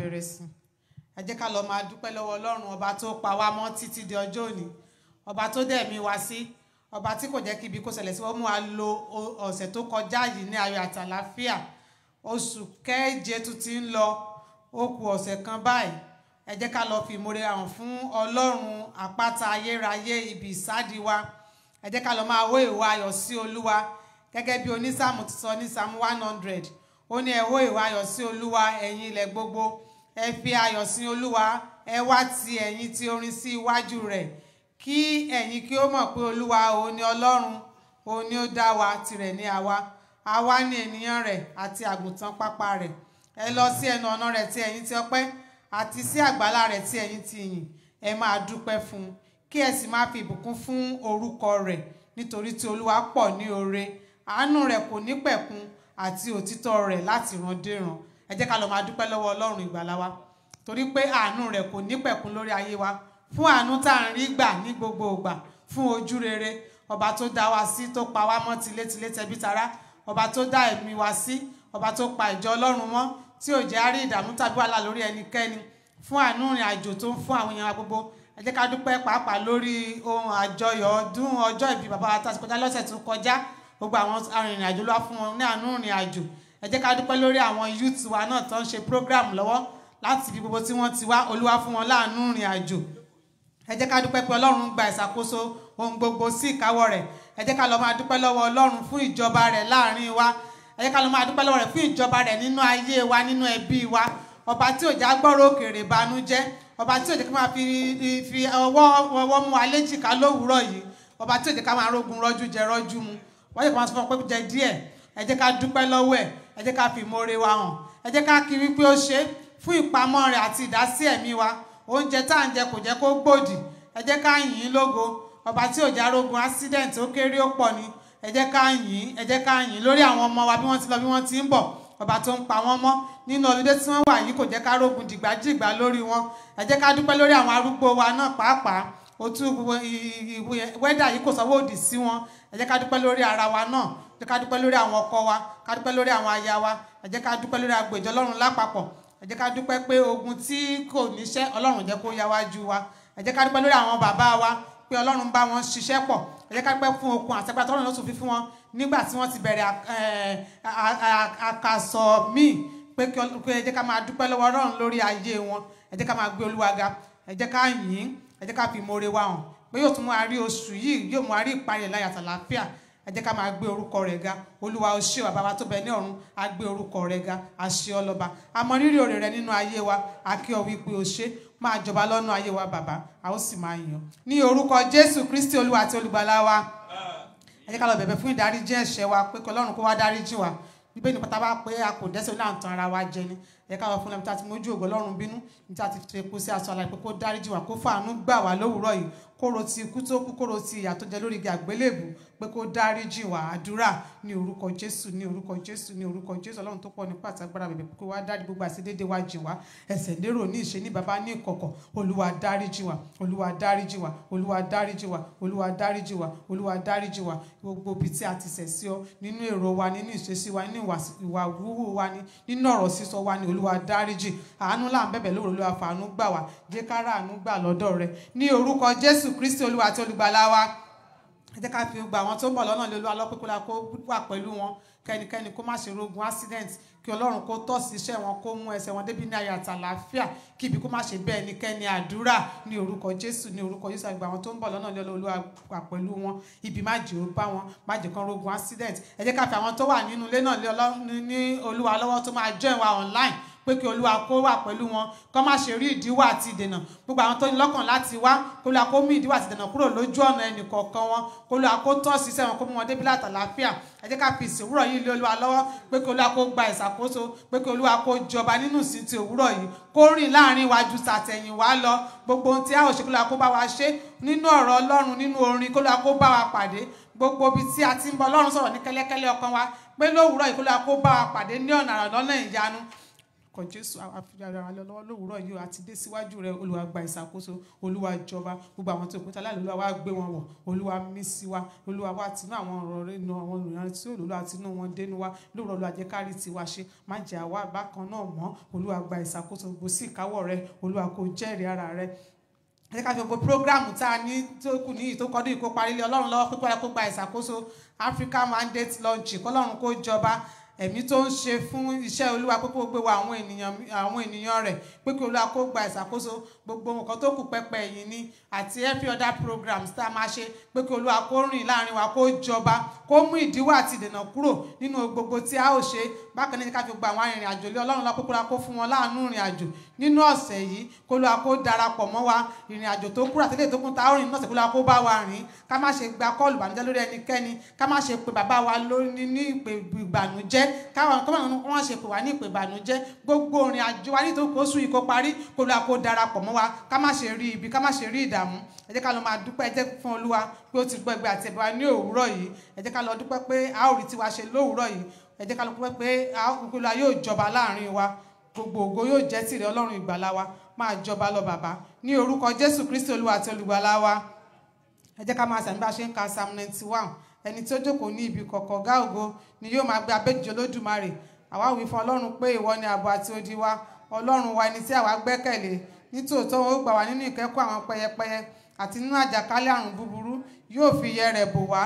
bẹ̀rẹ̀ sí ẹ jẹ́ ká lọ máa dúpẹ́ lọ́wọ́ ọlọ́run ọba tó pa wá mọ́ títí di ọjọ́ òní ọba tó dẹ̀ mí wá sí ọba tí kò jẹ́ kí ibi kó ṣẹlẹ̀ sí wọ́n mú wa lo ọ̀sẹ̀ tó kọjá yìí ní ayọ̀ àtàláfíà oṣù keje tún ti ń lọ ó kù ọ̀sẹ̀ kan báyìí ẹ jẹ́ ká lọ fi ìmoore hàn fún ọlọ́run àpáta ayérayé ibi ìsádi wa ẹ jẹ́ ká lọ máa wó ìwà ayọ̀ sí olúwa gẹ́gẹ́ bí onísàmù ti sọ ní psalm one hundred ó ní ẹ wó ìwà ayọ̀ sí olúwa ẹ̀yin ilẹ̀ gbogbo ẹ fi ayọ̀ sin olúwa ẹ wá ti ẹ̀yìn ti orin sí iwájú rẹ̀ kí ẹ̀yin kí ó mọ̀ pé olúwa òun ni ọlọ́run òun ni ó dá wa tirẹ̀ ni àwa àwa ni ènìyàn rẹ̀ àti àgùntàn pápá rẹ̀ ẹ lọ sí ẹnu ọ̀nà rẹ̀ ti ẹ̀yìn ti ọpẹ́ àti sí àgbàlá rẹ̀ ti ẹ̀yìn ti ìyìn ẹ máa dúpẹ́ fún un kí ẹ sì máa fi ìbùkún fún orúkọ rẹ̀ nítorí tí olúwa pọ̀ ní oore àánú rẹ̀ kò ní pẹ̀kun àti òtítọ́ rẹ̀ láti randéran ẹ jẹ́ ká lọ máa dúpẹ́ lọ́wọ́ ọlọ́run ìgbàlà wa torí pé àánú rẹ̀ kò ní pẹ̀kun lórí ayé wa fún àánú tá à ń rí gbà ní gbogbo ìgbà fún ojú rere ọba tó dá wa sí tó pa wá mọ́ tilétilé tẹbí tará ọba tó dá ẹ̀mí wa sí ọba tó pa ìjọ ọlọ́run mọ́ tí ò jẹ́ á rí ìdààmú tàbí wàhálà lórí ẹnikẹ́ni fún àánú ìrìn àjò tó ń fún àwọn èèyàn gbogbo ẹ jẹ́ ká dúpẹ́ pàápàá lórí ohun àjọyọ̀ ọdún ọjọ́ ìbí bàbá wa tá a ti kọjá lọ́sẹ̀ tó kọjá gbogbo àwọn arìnrìn àjò lọ́wọ́ fún wọn ní àánú ìrìn àjò ẹ jẹ́ ká dúpẹ́ lórí àwọn youth wa náà tó ń ṣe program lọ́wọ́ láti fi gbogbo tí wọ́n ti wá olúwa fún wọn láàánú rìn àjò ẹ jẹ́ ká dúpẹ́ pé ọlọ́run gba ìṣàkóso ohun gbogbo sí ìkáwọ́ rẹ̀ ẹ jẹ́ ká lọ máa dúpẹ́ lọ́wọ́ ọlọ́run fún ìjọba rẹ̀ láàrin wa ẹ jẹ́ ká lọ máa dúpẹ́ lọ́wọ́ rẹ̀ fún ìjọba rẹ̀ nínú ayé wa nínú ẹbí wa ọba tí ò já gbọ́rọ̀ òkèrè banújẹ́ ọba tí ò jẹ́ ká máa fi fi ọwọ́ ọwọ́ mú wa léjìká lówùúrọ̀ yìí ọba tí ò jẹ́ ká máa rógun rọ́jú jẹ rọ́jú mu wọ́n yẹ kó máa sọ fún ọ pé jẹ díẹ̀ ẹ jẹ́ ká dúpẹ́ lọ́wọ́ ẹ̀ ẹ jẹ́ ká fi ìmoore wa hàn ẹ jẹ́ ká kiri pé ó ṣe fún ìpamọ́ rẹ̀ àti ìdásí ẹ̀mí wa oúnjẹ tá à ń jẹ kò jẹ́ kó gbòdì ẹ jẹ́ ká yìn ín lógo ọba tí ò járógun accident ó kéré ó pọ̀ ni ẹ jẹ́ ká yìn ẹ jẹ́ ká yìn lórí àwọn ọmọ wa bí wọ́n ti lọ bí wọ́n ti ń bọ̀ ọba tó ń pa wọ́n mọ́ nínú ọlọ́dẹ tí wọ́n wà yìí kò jẹ́ ká rógun dìgbàdìgbà lórí wọn ẹ jẹ́ ká dúpẹ́ lórí àwọn arúgbó wa náà pàápàá òtún wẹ́dà yìí kò sọ́wọ́ òdì sí wọn ẹ jẹ́ ká dúpẹ́ lórí ara wa náà jẹ́ ká dúpẹ́ lórí àwọn ọkọ wa ká dúpẹ́ lórí àwọn aya wa ẹ jẹ́ ká dúpẹ́ lórí agbo ìjọ Ọlọ́run lápapọ̀ ẹ jẹ́ ká dúpẹ́ pé ogun tí kò níṣẹ́ Ọlọ́run jẹ́ kó yá wájú wa ẹ jẹ́ ká dúpẹ́ lórí àwọn bàbá wa pé Ọlọ́run bá wọn ṣiṣẹ́ pọ̀ ẹ jẹ́ ká dúpẹ́ fún okun àtẹ́gbà tọ́lọ́run ló tún fi wọn nígbà tí wọ́n ti bẹ̀rẹ̀ àkàsọ̀ míì pé kí ká máa dúpẹ́ lọ́wọ́ Ọlọ́run lórí ayé wọn ẹ ká máa gbé Olúwa ga ẹ ká yìn ín ká fi ìmoore wa hàn pé yóò tún mú a oṣù yìí yóò mú a ìparí ẹ̀ láyàtọ̀ láàfíà ẹ jẹ́ ká máa gbé orúkọ rẹ̀ ga olúwa ó ṣé bàbá wa tó bẹ ní ọ̀run á gbé orúkọ rẹ̀ ga àṣẹ ọlọ́ba àmọ́ rírì òrè rẹ nínú ayé wa àkí ọ wípé ó ṣé máa jọba lọ́nà ayé wa bàbá a ó sì máa yàn ní orúkọ jésù kristi olúwa àti olùgbàlà wa ẹ jẹ́ ká lọ bẹ̀bẹ̀ fún ìdáríjì ẹ̀ṣẹ̀ wa pé kọlọ́run kó wá dáríjì wa bíbélì pátá bá pé a kò dẹ́ṣẹ̀ onílàntàn ara wa jẹ ni ẹ káwọ fún lẹ́mítà tí mójú ògo Ọlọ́run bínú níta ti fi epo sí aṣọ aláìpẹ́ kó dáríjì wá kó fàánú gbà wá lówùúrọ̀ yìí kóró ti ikú tó kú kóró ti ìyà tó jẹ lórí igi àgbélébù pé kó dáríjì wá àdúrà ní orúkọ Jésù ní orúkọ Jésù ní orúkọ Jésù Ọlọ́run tó pọ̀ nípa àtàgbára bèbè pé wá dárí gbogbo àṣedédé wa jìn wá ẹ̀ṣẹ̀ lérò ní ìṣe ní baba ní ìkọ̀kọ̀ Olúwa dáríjì wá Olúwa dáríjì wá Olúwa dáríjì wá Olúwa dáríjì wá Olúwa dáríjì wá gbogbo ibi tí a ti ṣẹ̀ sí ọ nínú èrò wa nínú ìṣesí wa nínú ìwà wúwo wa ni nínú ọ̀rọ̀ wa ni Olúwa olúwa dáríjì àánú là ń bẹ̀bẹ̀ lóru olúwa fàánú gbà wá jẹ́ ká rà àánú gbà lọ́dọ̀ rẹ ní orúkọ jésù kristi olúwa àti olùgbàlà wa ẹ jẹ́ ká fi gbà àwọn tó ń bọ̀ lọ́nà lé olúwa lọ́pẹ́kúlá kó wà pẹ̀lú wọn kẹ́nikẹ́ni kó má ṣe rogun accident kí ọlọ́run kó tọ́ sí iṣẹ́ wọn kó mú ẹsẹ̀ wọn débi ní ayọ̀ àtàlàáfíà kí ibi kó má ṣe bẹ́ẹ̀ ẹnikẹ́ni àdúrà ní orúkọ jésù ní orúkọ jésù àgbà àwọn tó ń bọ̀ lọ́nà lọ́lọ́ olúwa pẹ̀lú wọn ibi má jẹ́ ó bá wọn má jẹ́ kan rogun accident ẹ jẹ́ ká fi àwọn tó wà nínú ilé náà ní olúwa lọ́wọ́ tó máa join wa online pé kí olúwa kó wà pẹ̀lú wọn kọ́ má ṣe rí ìdíwọ́ àti ìdènà gbogbo àwọn tó ní lọ́kàn láti wá kó lóa kó mú ìdíwọ́ àti ìdènà kúrò lójú ọ̀nà ẹnì kọ̀ọ̀kan wọn kó lóa kó tọ́ sí sẹ́wọ̀n kó mú wọn débi láti àlàáfíà ẹ jẹ́ ká fi ìsìn òwúrọ̀ yìí lé olúwa lọ́wọ́ pé kí olúwa kó gba ìṣàkóso pé kí olúwa kó jọba nínú ìsìn ti òwúrọ̀ yìí kó rìn láàrin iwájú tàtẹ̀yìn wá lọ gbogbo ohun tí a ò ṣe kó lóa kó bá wa ṣe nínú ọ̀rọ̀ ọlọ́run nínú orin kó lóa kó bá wa pàdé gbogbo ibi tí a ti ń bọ ọlọ́run sọ̀rọ̀ ní kẹ́lẹ́kẹ́lẹ́ ọkàn wa pé lówùúrọ̀ yìí kó lóa kó bá wa pàdé ní ọ̀nà àrà ìyanu kan jésù àfihàn wa lọ́wọ́ lówùúrọ̀ yìí àti dé síwájú rẹ olúwa gba ìṣàkóso olúwa jọba gbogbo àwọn tó kúta láì olúwa wá gbé wọn wọ̀ olúwa mí sí wa olúwa wá tinú àwọn ọ̀rọ̀ rẹ nu àwọn olùyàn tí olúwa tinú wọn dénú wa lóòrọ̀ olúwa jẹ́ kárí tiwa ṣe má jẹ́ àwa bákan náà mọ́ olúwa gba ìṣàkóso gbogbo sí ìkáwọ́ rẹ olúwa kò jẹ́rìí ara rẹ ẹ ká fi gbogbo programu tá a ní tó kù ní ìtókọ́dún ìkóparí lé ọlọ́run lọ́wọ́ pípẹ́ kó gba ìṣàkóso Africa Mandate Launch kọ́lọ́run kó jọba ẹ̀mí tó ń ṣe fún iṣẹ́ olúwa pé gbé wa àwọn ènìyàn rẹ̀ pé olúwa kó gba ìṣàkóso gbogbo nǹkan tó kù pẹpẹ yìí ni àti every other programs tá a máa ṣe pé kí olúwa kó rìn láàrin wa kó jọba kó mú ìdíwọ́ àti ìdènà kúrò nínú gbogbo tí a ó ṣe bákan náà ká fi gba àwọn arìnrìn àjò lé ọlọ́run lọ kó fún wọn láàánú ìrìn àjò nínú ọ̀sẹ̀ yìí kó ló àkó darapọ̀ mọ́ wa ìrìn àjò tó kúrò àtẹ́lẹ̀ tó kún ta orin náà sì kó ló àkó bá wa rìn ká má ṣe gba kọ́ọ̀lù ìbànújẹ́ lórí ẹnikẹ́ni ká má ṣe pè bàbá wa lórí ní ìpè ìbànújẹ́ káwọn kọ́ máa wọ́n ṣe pè wá ní ìpè ìbànújẹ́ gbogbo ìrìn àjò wa nítorí kó sùn ìkó parí kó ló àkó darapọ̀ mọ́ wa ká má ṣe rí ibi ká má ṣe rí ìdààmú ẹ jẹ́ ká lọ máa dúpẹ́ ẹ jẹ́ fún olúwa pé ó ti gbọ́ ẹgbẹ́ àti ẹ̀bẹ̀ wa ní òwúrọ̀ yìí ẹ jẹ́ ká lọ dúpẹ́ pé a ò rí tiwa ṣe lówùúrọ̀ yìí ẹ jẹ́ ká lọ dúpẹ́ pé a kúkú la yóò jọba láàrin wa gbogbo ògo yóò jẹ́ tìrẹ ọlọ́run ìgbàlà wa máa jọba lọ bàbá ní orúkọ jésù kristi olúwa àti olùgbàlà wa ẹ jẹ́ ká máa sàmì bá a ṣe ń ka psalm ninety one ẹni tí ó jókòó ní ibi kọ̀kọ̀ ọ̀gá ògo ni yóò máa gbé abẹ́jọ́ lódùmarè àwa wí fún ọlọ́run pé ìwọ ni ààbò àti odi wa ọlọ́run wa ẹni tí àwa gbẹ́kẹ̀lé nítòótọ́ wọn ó gbà wá nínú ìkẹ́kọ̀ àwọn pẹyẹpẹyẹ àti nínú àjàkálẹ̀ àrùn búburú yóò fi iyẹ rẹ̀ bò wá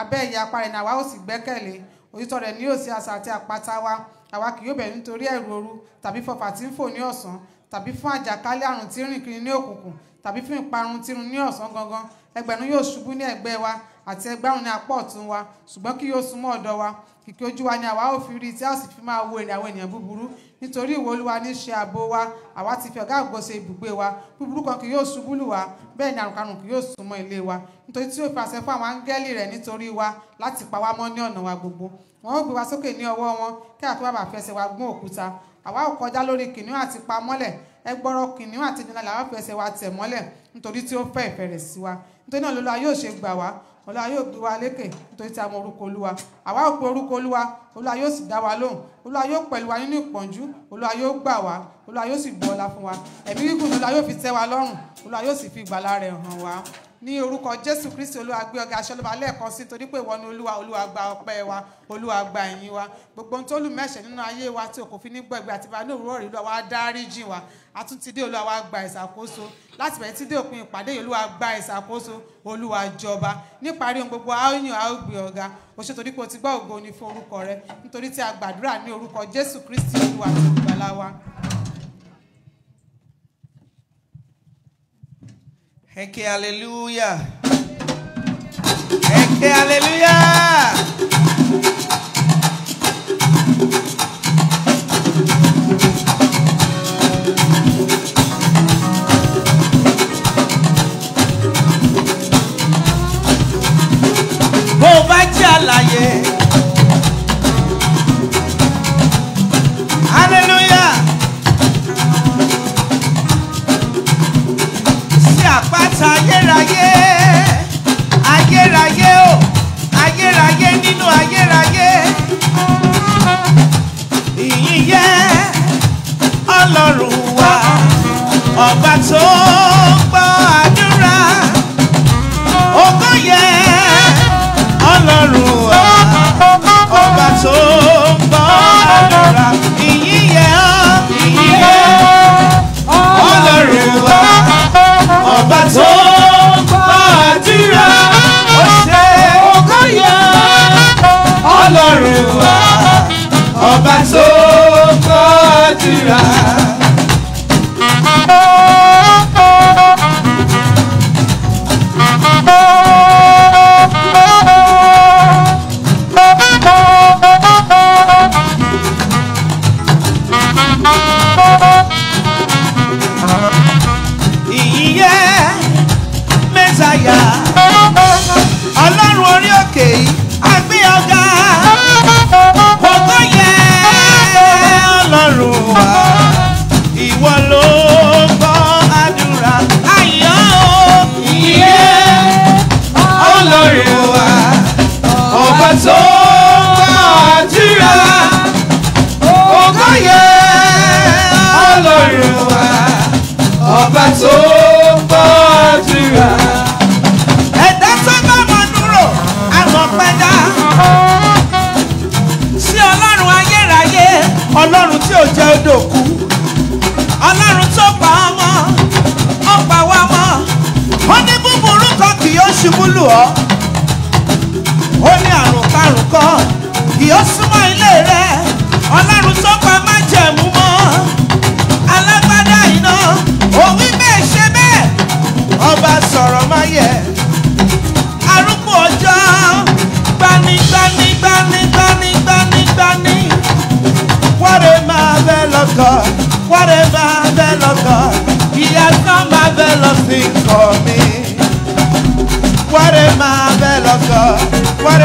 abẹ́ ìyapa rẹ̀ ni àwa ó sì gbẹ́kẹ̀lé òtítọ́ rẹ̀ ni yóò sí asà àti àpáta wa àwa kì yóò bẹ̀rù nítorí ẹ̀rù ooru tàbí fọfà tí ń fò ní ọ̀sán tàbí fún àjàkálẹ̀ àrùn tí ń rìn kiri ní òkùnkùn tàbí fún ìparun tí ń run ní ọ̀sán gangan ẹgbẹ̀rún yóò ṣubú ní ẹ̀gbẹ́ wa àti ẹgbẹ̀rún ní apá ọ̀tún wa ṣùgbọ́n kì yóò súnmọ́ ọ̀dọ̀ wa kìkì ojú wa ni àwa ò fi rí tí a sì fi máa wo èrè àwọn ènìyàn búburú nítorí ìwọ Olúwa ní ṣe ààbò wa àwa ti fi ọ̀gá ògo ṣe ibùgbé wa búburú kan kì yóò ṣubú lù wá bẹ́ẹ̀ ni àrùnkarùn kì yóò súnmọ́ ilé wa nítorí tí ó fi àṣẹ fún àwọn áńgẹ́lì rẹ̀ nítorí wa láti pa wá mọ́ ní ọ̀nà wa gbogbo wọn ó gbé wa sókè ní ọwọ́ wọn kí àti bàbà fẹsẹ̀ wa gún òkúta àwa ò kọjá lórí kìnìún àti pa mọ́lẹ̀ ẹgbọ́rọ̀ kìnìún àti nínú làwa fẹsẹ̀ wa tẹ̀ mọ́lẹ̀ nítorí tí ó fẹ́ ìfẹ́ rẹ̀ sí wa nítorí náà lọ́lọ́ yóò ṣe gbà wá Olúwa yóò gbé wa lékè nítorí tí a mọ orúkọ Olúwa àwa ò pe orúkọ Olúwa Olúwa yóò sì dá wa lóhùn Olúwa yóò pẹ̀lú wa nínú ìpọ́njú Olúwa yóò gbà wá Olúwa yóò sì bu ọlá fún wa ẹ̀mí gígùn Olúwa yóò fi tẹ́ wa lọ́rùn Olúwa yóò sì fi ìgbàlà rẹ̀ hàn wá ní orúkọ jésù kristi olúwa gbé ọgá aṣọlọba lẹ́ẹ̀kan sí torí pé ìwọ ni olúwa olúwa gba ọpẹ́ wa olúwa gba ẹ̀yìn wa gbogbo ohun tó lù mẹsẹ nínú ayé wa tí òkò fi ní gbẹgbẹ àti ìbànú òwúrọ̀ rí olúwa wa dárí jìn wa àtúntìdé olúwa wa gba ìṣàkóso láti bẹ̀rẹ̀ títí òpin ìpàdé yìí olúwa gba ìṣàkóso olúwa jọba níparí ohun gbogbo aáyàn a ó gbé ọgá o ṣe torí pé o ti gbọ́ ògo ni fún orúkọ rẹ nítorí tí a gbàdúrà ní orúkọ jésù kristi olúwa tó gbàlá wa. Es que aleluya. Es que aleluya.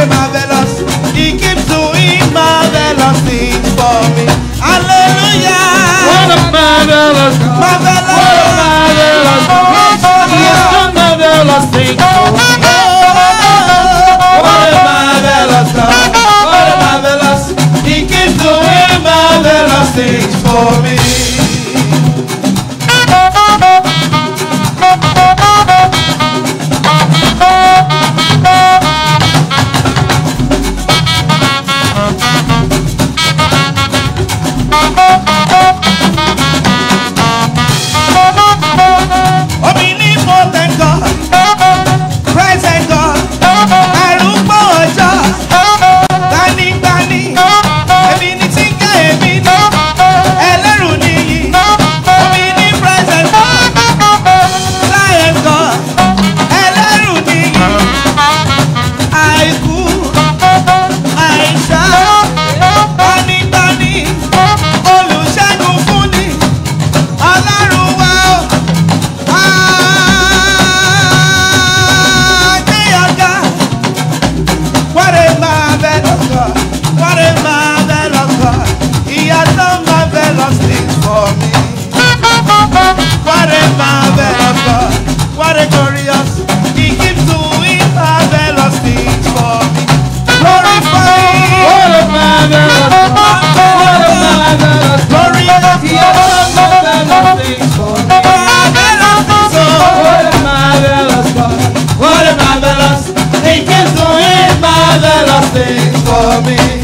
marvelous. marvelous for me. Hallelujah. What a marvelous What a marvelous marvelous for me. What a marvelous What a marvelous. He keeps doing marvelous things for me. me.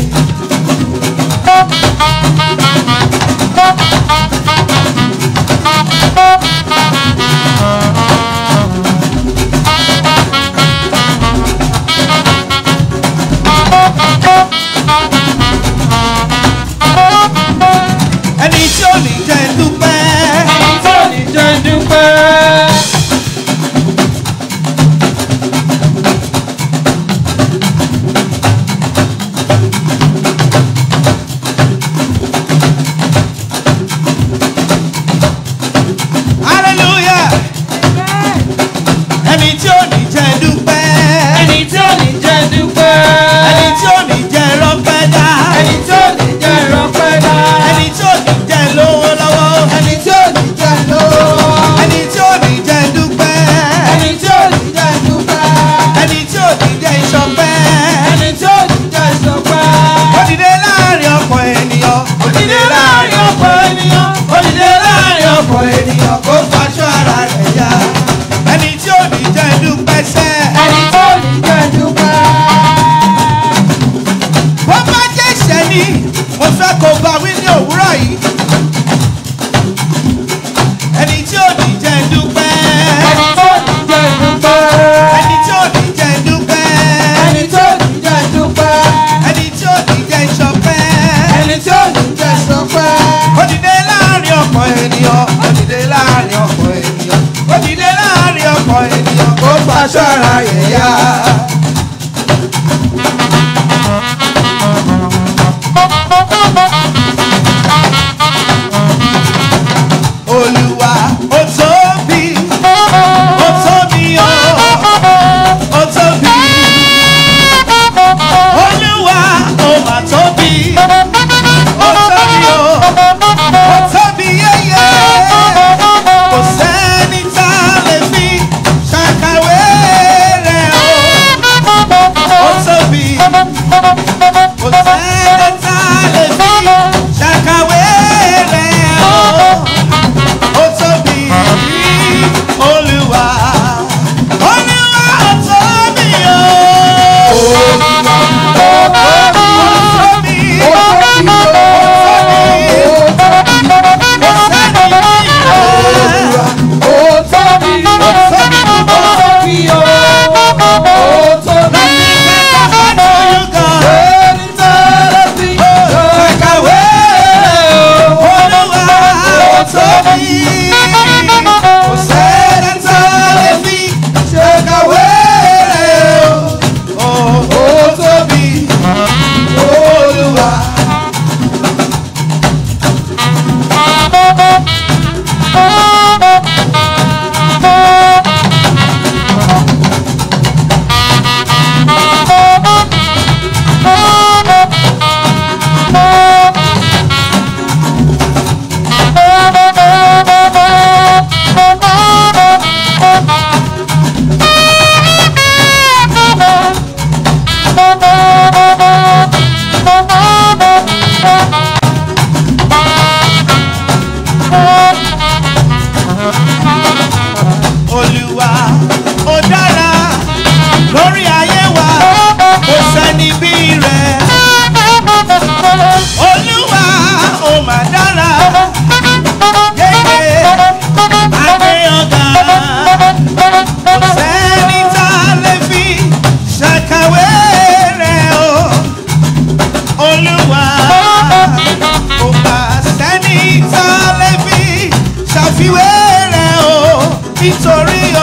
nítorí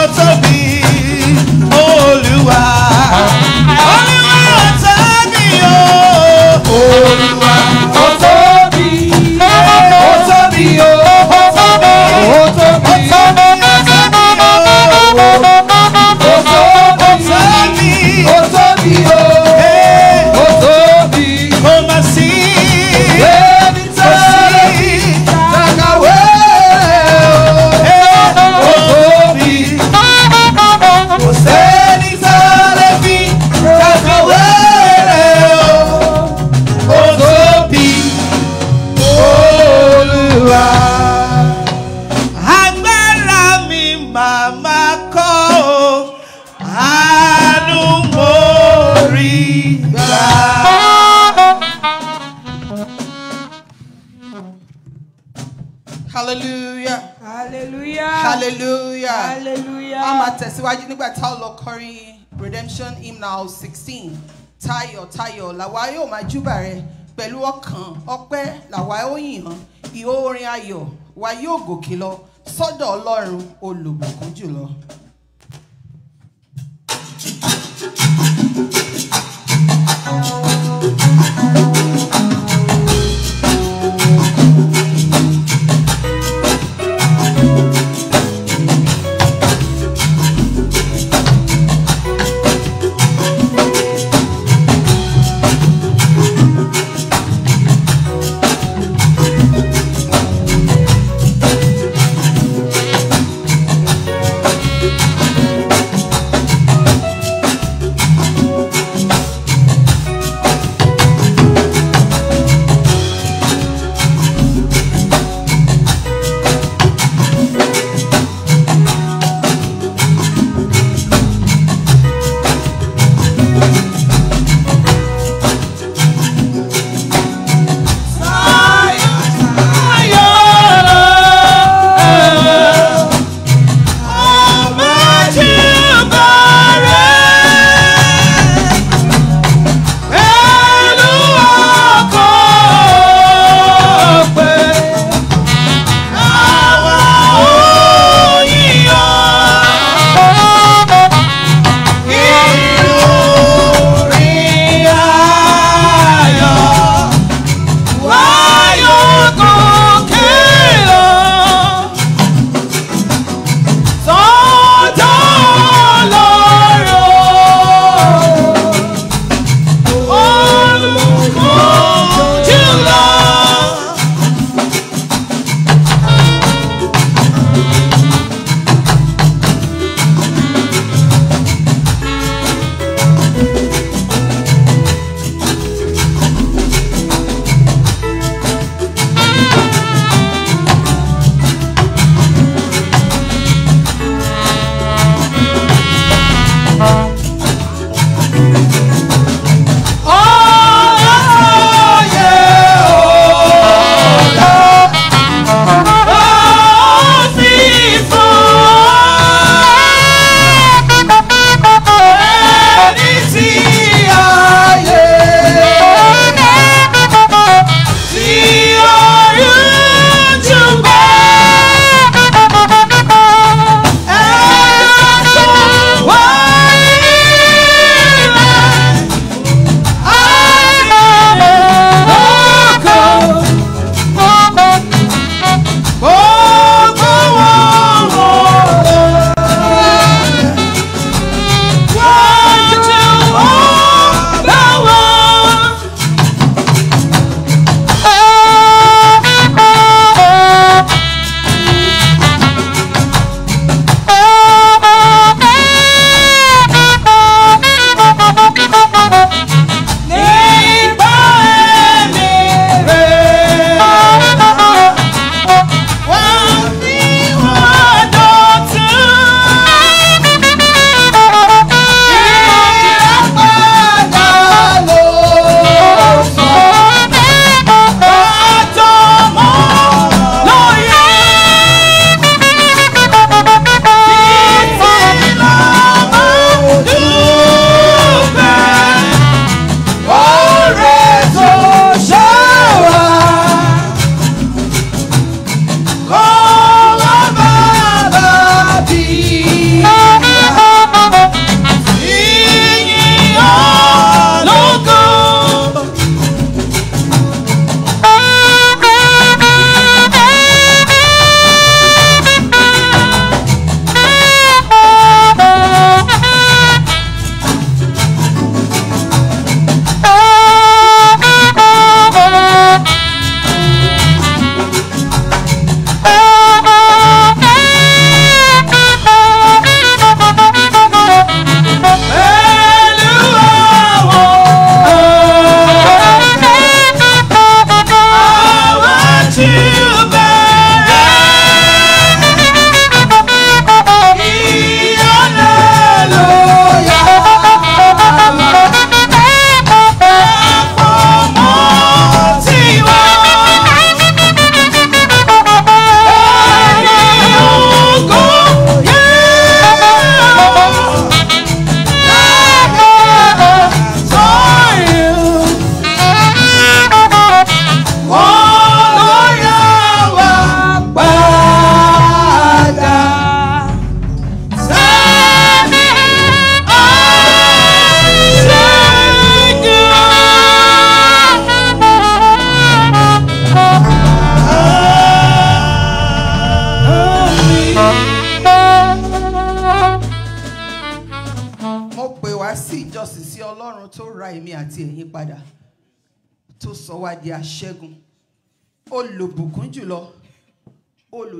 kọrin redemption now sixteen Tayo, tayo. làwa yóò máa júbà rẹ pẹ̀lú ọkàn ọpẹ́ làwa yóò yìn hàn ìhó orin ayọ̀ wa yóò gòkè lọ sọ́dọ̀ Ọlọ́run olùbùkún jùlọ. thank you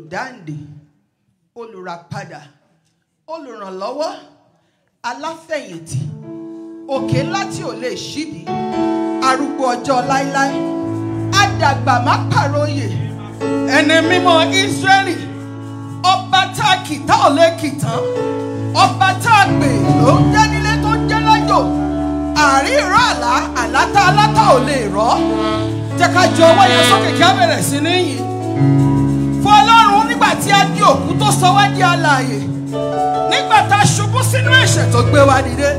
olùdáǹdè olùràpadà olùrànlọ́wọ́ aláfẹ̀yìntì òkè ńlá tí ò lè ṣídìí arúgbó ọjọ́ láíláí àdàgbà má pàròyè ẹni mímọ́ Ísírẹ́lì ọba tá a kì tá ò lè kì tán ọba tá a pè ló ń jẹ́nilé tó ń jẹ́ lájò àárín àlá àlátá alátá ò lè rọ́ jẹ́ ká ju ọwọ́ sókè kí á bẹ̀rẹ̀ sí níyìn tí a òkú tó sọ wá di alààyè nígbà tá a ṣubú sínú ẹ̀ṣẹ̀ tó gbé wa dìde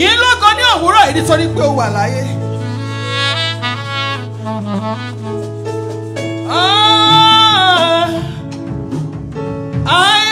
yìí lógo ní òwúrọ̀ yìí nítorí pé o wà láyé. Ah, I ah!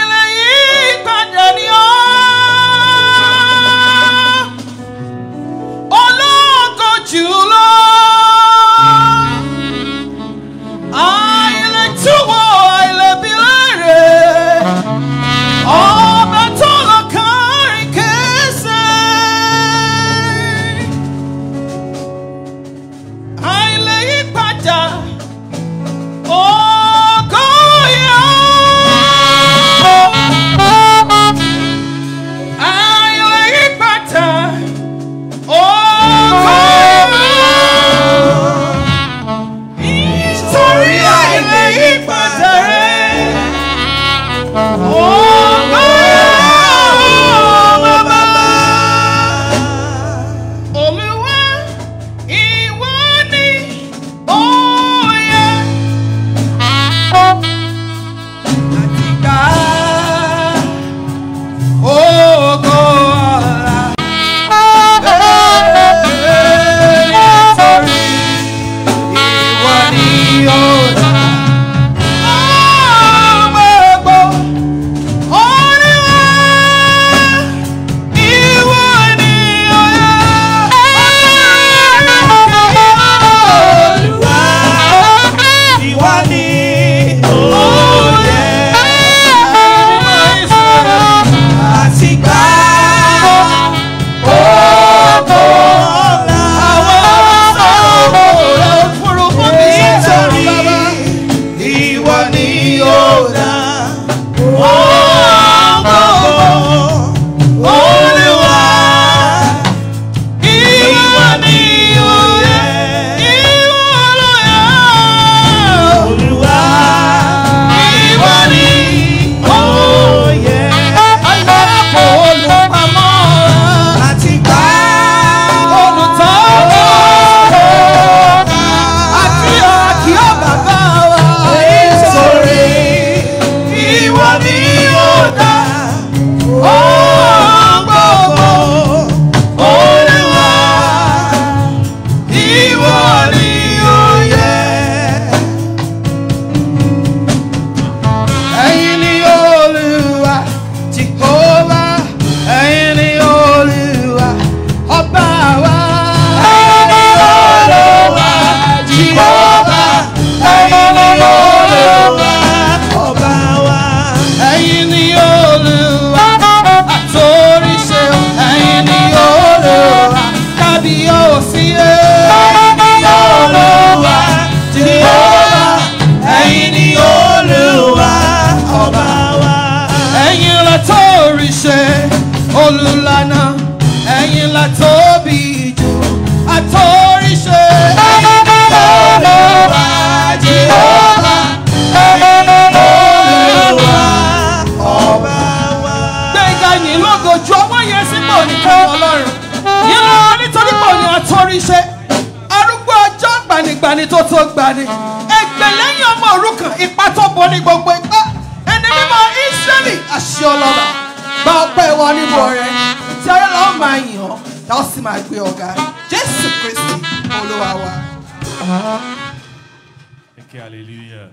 sókè hallelujah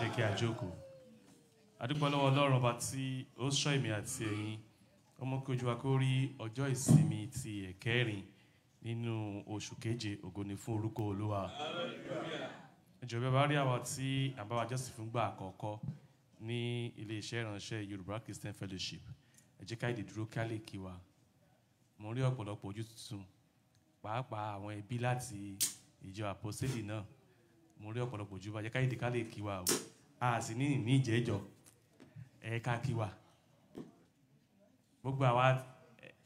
jẹ́ kí a jókòó adúpẹ́ lọ́wọ́ ọlọ́run ọba tí ó ṣọ́ èmi àti ẹ̀yin ọmọ kí ojú wa kó rí ọjọ́ ìsinmi ti ẹ̀kẹrin nínú oṣù keje ògo ni fún orúkọ olúwa ìjọba bá rí àwa tí àbáwá jọ́sìn fún gbà àkọ́kọ́ ní iléeṣẹ́ ìránṣẹ́ Yorùbá Christian Fellowship ẹ jẹ́ ká ìdè dúró ká lè kí wa mo rí ọ̀pọ̀lọpọ̀ ojú tuntun pàápàá àwọn ẹbí láti ìjọ àpọ́sẹ́lì náà ká lè o a sì gbogbo àwa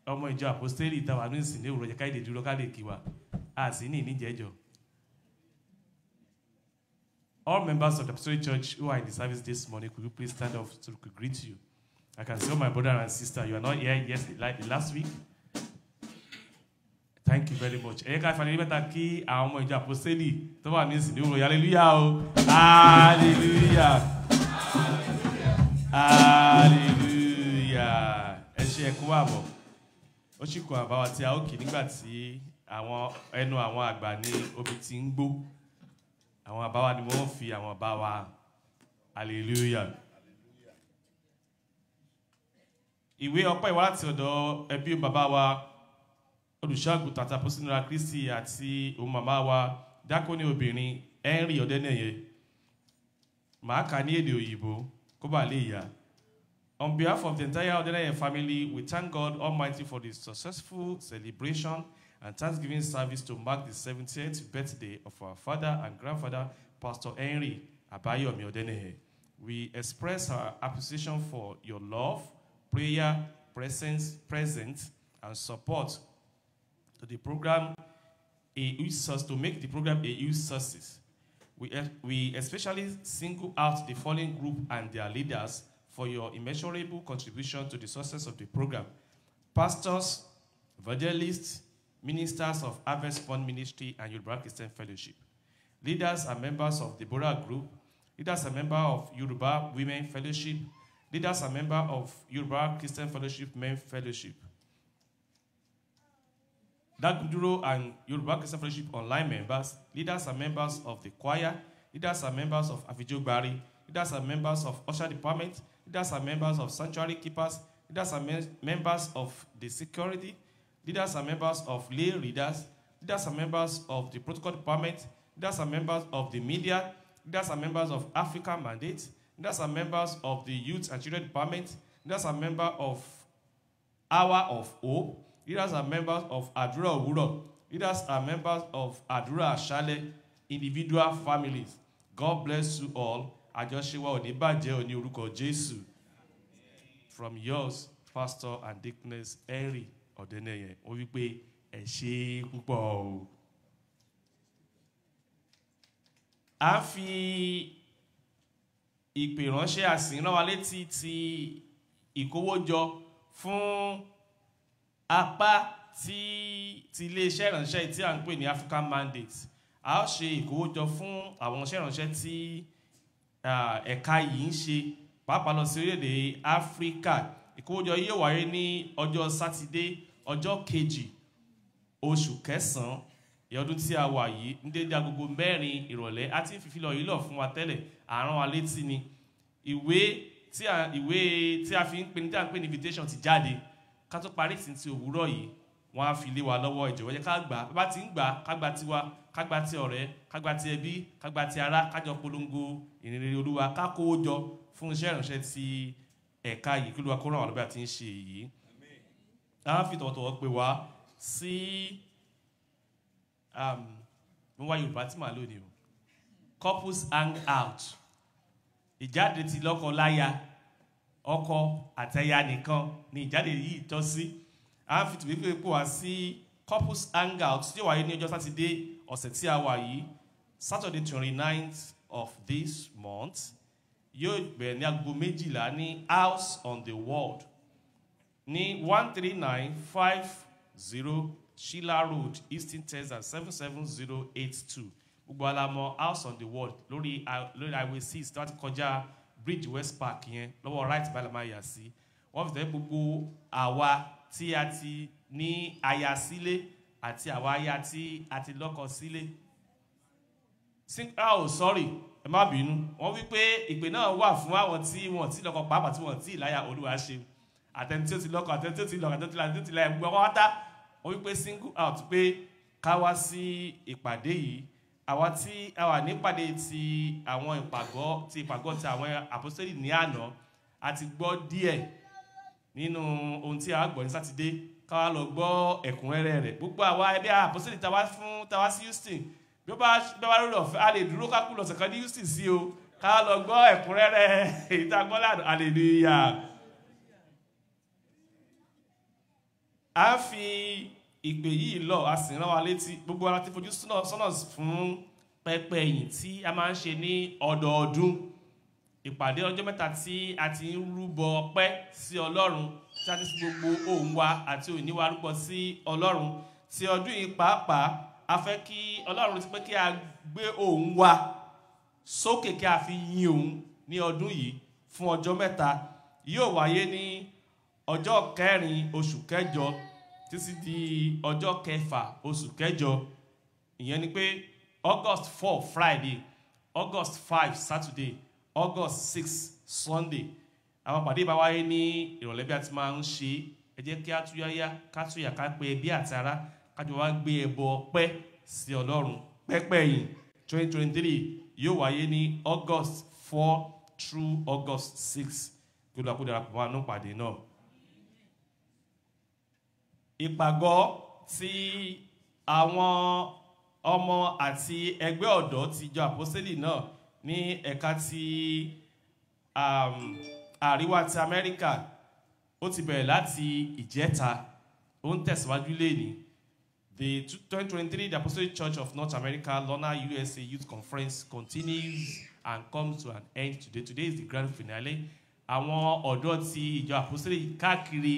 ọmọ ìjọ ní ní jẹ́ dúró ká lè a sì ní All members of the Apostolic Church who are in the service this morning, could you please stand up so we could greet you? I can see all my brother and sister. You are not here yesterday, last week. thank you very much ẹ̀yẹ́ ká fani bẹ́ta kí àwọn ọmọ ìjọ àpọ́sẹ́lì tó wà ní ìsìnkú ìròyìn hallelujah o hallelujah hallelujah ẹ ṣe ẹ̀kú àbọ̀ ó sì kọ àbáwá tí a ó kì nígbà tí àwọn ẹnu àwọn àgbà ní obì ti ń gbó àwọn àbáwá ni wọ́n fi àwọn àbáwá hallelujah. ìwé ọpẹ́ ìwà láti ẹbí bàbá wa kristi àti dákóní obìnrin henry ọ̀dẹ́nẹ̀yẹ màá kà ní èdè òyìnbó kó bàa lè yá. On behalf of the entire Odeneye family, we thank God Almighty for the successful celebration and Thanksgiving service to mark the 70th birthday of our father and grandfather, Pastor Henry Abayomi Odeneye. We express our appreciation for your love, prayer, presence, presence, and support to the program a use to make the program a use success. We, we especially single out the following group and their leaders for your immeasurable contribution to the success of the program. Pastors, evangelists, ministers of Harvest Fund Ministry and Yoruba Christian Fellowship. Leaders are members of the Bora Group. Leaders and members of Yoruba Women Fellowship. Leaders are members of Yoruba Christian Fellowship Men Fellowship. That Guduro and Yoruba Christian Fellowship online members, leaders and members of the choir, leaders and members of Afijobari, leaders and members of Usher Department, leaders and members of Sanctuary Keepers, leaders and members of the security, leaders and members of lay readers, leaders and members of the protocol department, leaders and members of the media, leaders and members of Africa Mandate, leaders and members of the youth and children department, leaders and members of Hour of Hope, Leaders are members of Adura Owuro. Leaders are members of Adura Ashale, individual families. God bless you all. Àjọṣewà ò ní bàjẹ́ ò ní orúkọ Jésù. From yours, Pastor and Deaconess Henry Odeneye. Ó wí pé ẹ ṣe púpọ̀ o. À ń fi ìpè ránṣẹ́ àsìn apá tí ti iléeṣẹ́ ìrànṣẹ́ tí à ń pè ní African Mandate a ó ṣe ìkówójọ fún àwọn iṣẹ́ ìrànṣẹ́ tí ẹ̀ka yìí ń ṣe pàápàá lọ sí orílẹ̀-èdè Áfíríkà ìkówójọ yóò wáyé ní ọjọ́ sátidé ọjọ́ kejì oṣù kẹsàn-án ìyọdún tí a wà yìí ní déédé agogo mẹ́rin ìrọ̀lẹ́ àti fífilọ̀ yìí lọ fún wa tẹ́lẹ̀ àrán wa létí ni ìwé tí a fi ń pè ní invitation ti jáde ká tó parí ìsìn ti òwúrọ̀ yìí wọ́n á fi lé wa lọ́wọ́ ìjọ̀wọ́ yẹ ká gbà bá ti ń gbà ká gba tiwa ká gba ti ọ̀rẹ́ ká gba ti ẹbí ká gba ti ará ká jọ polongo ìrìnrìn olúwa ká kó o jọ fún iṣẹ́ ìránṣẹ́ ti ẹ̀ka yìí kí olúwa kó ràn wá lọ́bẹ̀ àti ń ṣe èyí. a fi tọ̀wọ̀tọ̀wọ̀ pè wá sí um, mo wá yorùbá tí màá lónìí o couples hang out ìjáde ti lọ́kọ ọkọ àtẹ̀yà nìkan ni ìjáde yìí tọ́ sí a fi tìbí pé pò wá sí couples hangout tí yóò wáyé ní ọjọ́ sátidé ọ̀sẹ̀ tí a wà yìí saturday twenty ninth of this month yóò bẹ̀rẹ̀ ní aago méjìlá ní house on the world ní one three nine five zero sheila road eastern texas seven seven zero eight two gbogbo alamọ house on the world lórí highway six láti kọjá bridge west park yẹn lọ́wọ́ right by lamar yà sí wọ́n fi tẹ́ gbogbo àwa tí a ti ní aya sílé àti àwa aya tí a ti lọ́kọ sílé oh sorry ẹ má bínú wọ́n wí pé ìpè náà wà fún àwọn tí wọ́n ti lọ́kọ pàápàá tí wọ́n ti láya olúwa ṣe àtẹni tí ó ti lọ́kọ àtẹni tí ó ti lọ́kọ àtẹni tí ó ti láya àtẹni tí ó ti láya gbogbo ọkọ wá tá wọ́n wí pé single out pé ká wá sí ìpàdé yìí àwa tí a wà nípàdé ti àwọn ìpàgọ́ ti ìpàgọ́ ti àwọn àpọ́sítélì ní àná a ti gbọ́ díẹ̀ nínú ohun tí a gbọ́ ní sátidé ká wá lọ gbọ́ ẹ̀kúnrẹ́rẹ́ rẹ̀ gbogbo àwa ẹbí àpọ́sítélì tàwa fún tàwa sí Houston bí ó bá bá lórí ọ̀fẹ́ a lè dúró ká kú lọ̀sẹ̀ kan ní Houston sí o ká lọ gbọ́ ẹ̀kúnrẹ́rẹ́ èyí tá a gbọ́ lánàá hallelujah. a fi ìpè yìí lọ a sì rán wa létí gbogbo ara ti fojú sọ́nà fún pẹpẹ ẹ̀yìn tí a máa ń ṣe ní ọdọọdún ìpàdé ọjọ́ mẹ́ta tí a ti ń rúbọ ọpẹ́ sí ọlọ́run tí a ti fi gbogbo ohùn wa àti òní wa rúbọ sí ọlọ́run ti ọdún yìí pàápàá a fẹ́ kí ọlọ́run ti pé kí a gbé ohùn wa sókè kí a fi yin òun ní ọdún yìí fún ọjọ́ mẹ́ta yóò wáyé ní ọjọ́ kẹrin oṣù kẹjọ títí di ọjọ́ kẹfà oṣù kẹjọ ìyẹn ni pé August four Friday August five Saturday August six Sunday àwọn pàdé bá wáyé ní ìrọ̀lẹ́ bí a ti máa ń ṣe ẹ jẹ́ kí a túyáyá ká túyà ká pe ẹbí àti ará kájọ wá gbé ẹbọ ọpẹ́ sí Ọlọ́run pẹ́pẹ́ yìí twenty twenty three yóò wáyé ní August four through August six kí olùwàkúndàrà pọ̀ wá nù pàdé náà ìpàgọ́ tí àwọn ọmọ àti ẹgbẹ́ ọ̀dọ́ ti jọ àpọ́sẹ́lì náà ní ẹ̀ka ti um, àríwá ti Amẹ́ríkà ó ti bẹ̀rẹ̀ láti ìjẹta ó ń tẹ̀síwájú lẹ́ni the 2023 the Apostolic Church of North America Lorna USA Youth Conference continues and comes to an end today today is the grand finale àwọn ọ̀dọ́ ti ìjọ àpọ́sẹ́lì káàkiri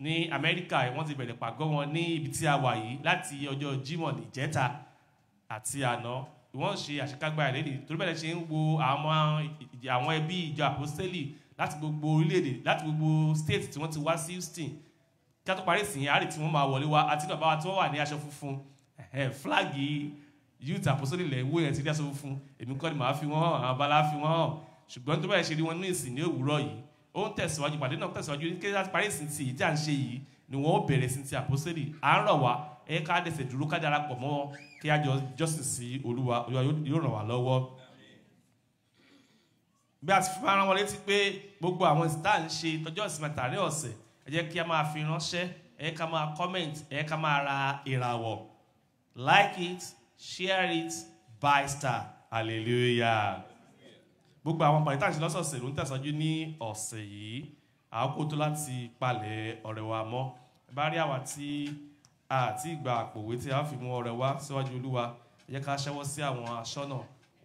ní amẹ́ríkà wọ́n ti bẹ̀rẹ̀ pàgọ́ wọn ní ibi tí a wà yìí láti ọjọ́ Jímọ̀ níjẹta àti àná wọ́n ṣe àṣekágbá rẹ̀ lẹ́yìn torí bẹ́ẹ̀ ṣe ń wo àwọn ẹbí ìjọ àpọ́sítélì láti gbogbo orílẹ̀-èdè láti gbogbo state tí wọ́n ti wá sí Houston kí a tó parí ìsìn àárẹ̀ tí wọ́n máa wọlé wa àti bàbá wa tí wọ́n wà ní aṣọ funfun fúláàgì youth àpọ́sítélì lẹ̀ wó yẹn ti rí aṣọ funfun èmi kọ́ ni màá fi wọ́n hàn àwọn abala fi wọ́n hàn ṣùgbọ́n tó bẹ́ẹ̀ ṣe rí wọn ní ìsìn ní òwúrọ̀ yìí ó ń tẹ̀síwájú ìpàdé náà tẹ̀síwájú kí á parí ìsìntì yìí tí à ń ṣe yìí ni wọ́n bẹ̀rẹ̀ ìsìntì àpọ́sẹ́lì à ń rọ̀ wá ẹ ká dẹ̀sẹ̀ dúró ká darapọ̀ mọ́ kí á jọ jọ́sìn sí olúwa yóò ràn wá lọ́wọ́. bí a ti fi ara wọn létí pé gbogbo àwọn ìsìn tá à ń ṣe tọjọ́ ìsinmi àtàrẹ́ ọ̀sẹ̀ ẹ jẹ́ kí a máa fi ránṣẹ́ ẹ ká máa comment ẹ ká máa ra ìràwọ̀ like it share it buy star hallelujah gbogbo àwọn pàdé táàṣì lọ́sọ̀ọ̀sẹ̀ ló ń tẹ̀sánjú ní ọ̀sẹ̀ yìí àákó tó láti palẹ̀ ọ̀rẹ́ wa mọ́ bá rí àwa tí àti ìgbà àpòwé tí a fi mú ọ̀rẹ́ wa síwájú olúwa ẹ jẹ́ ká ṣẹ́wọ́ sí àwọn aṣọ́nà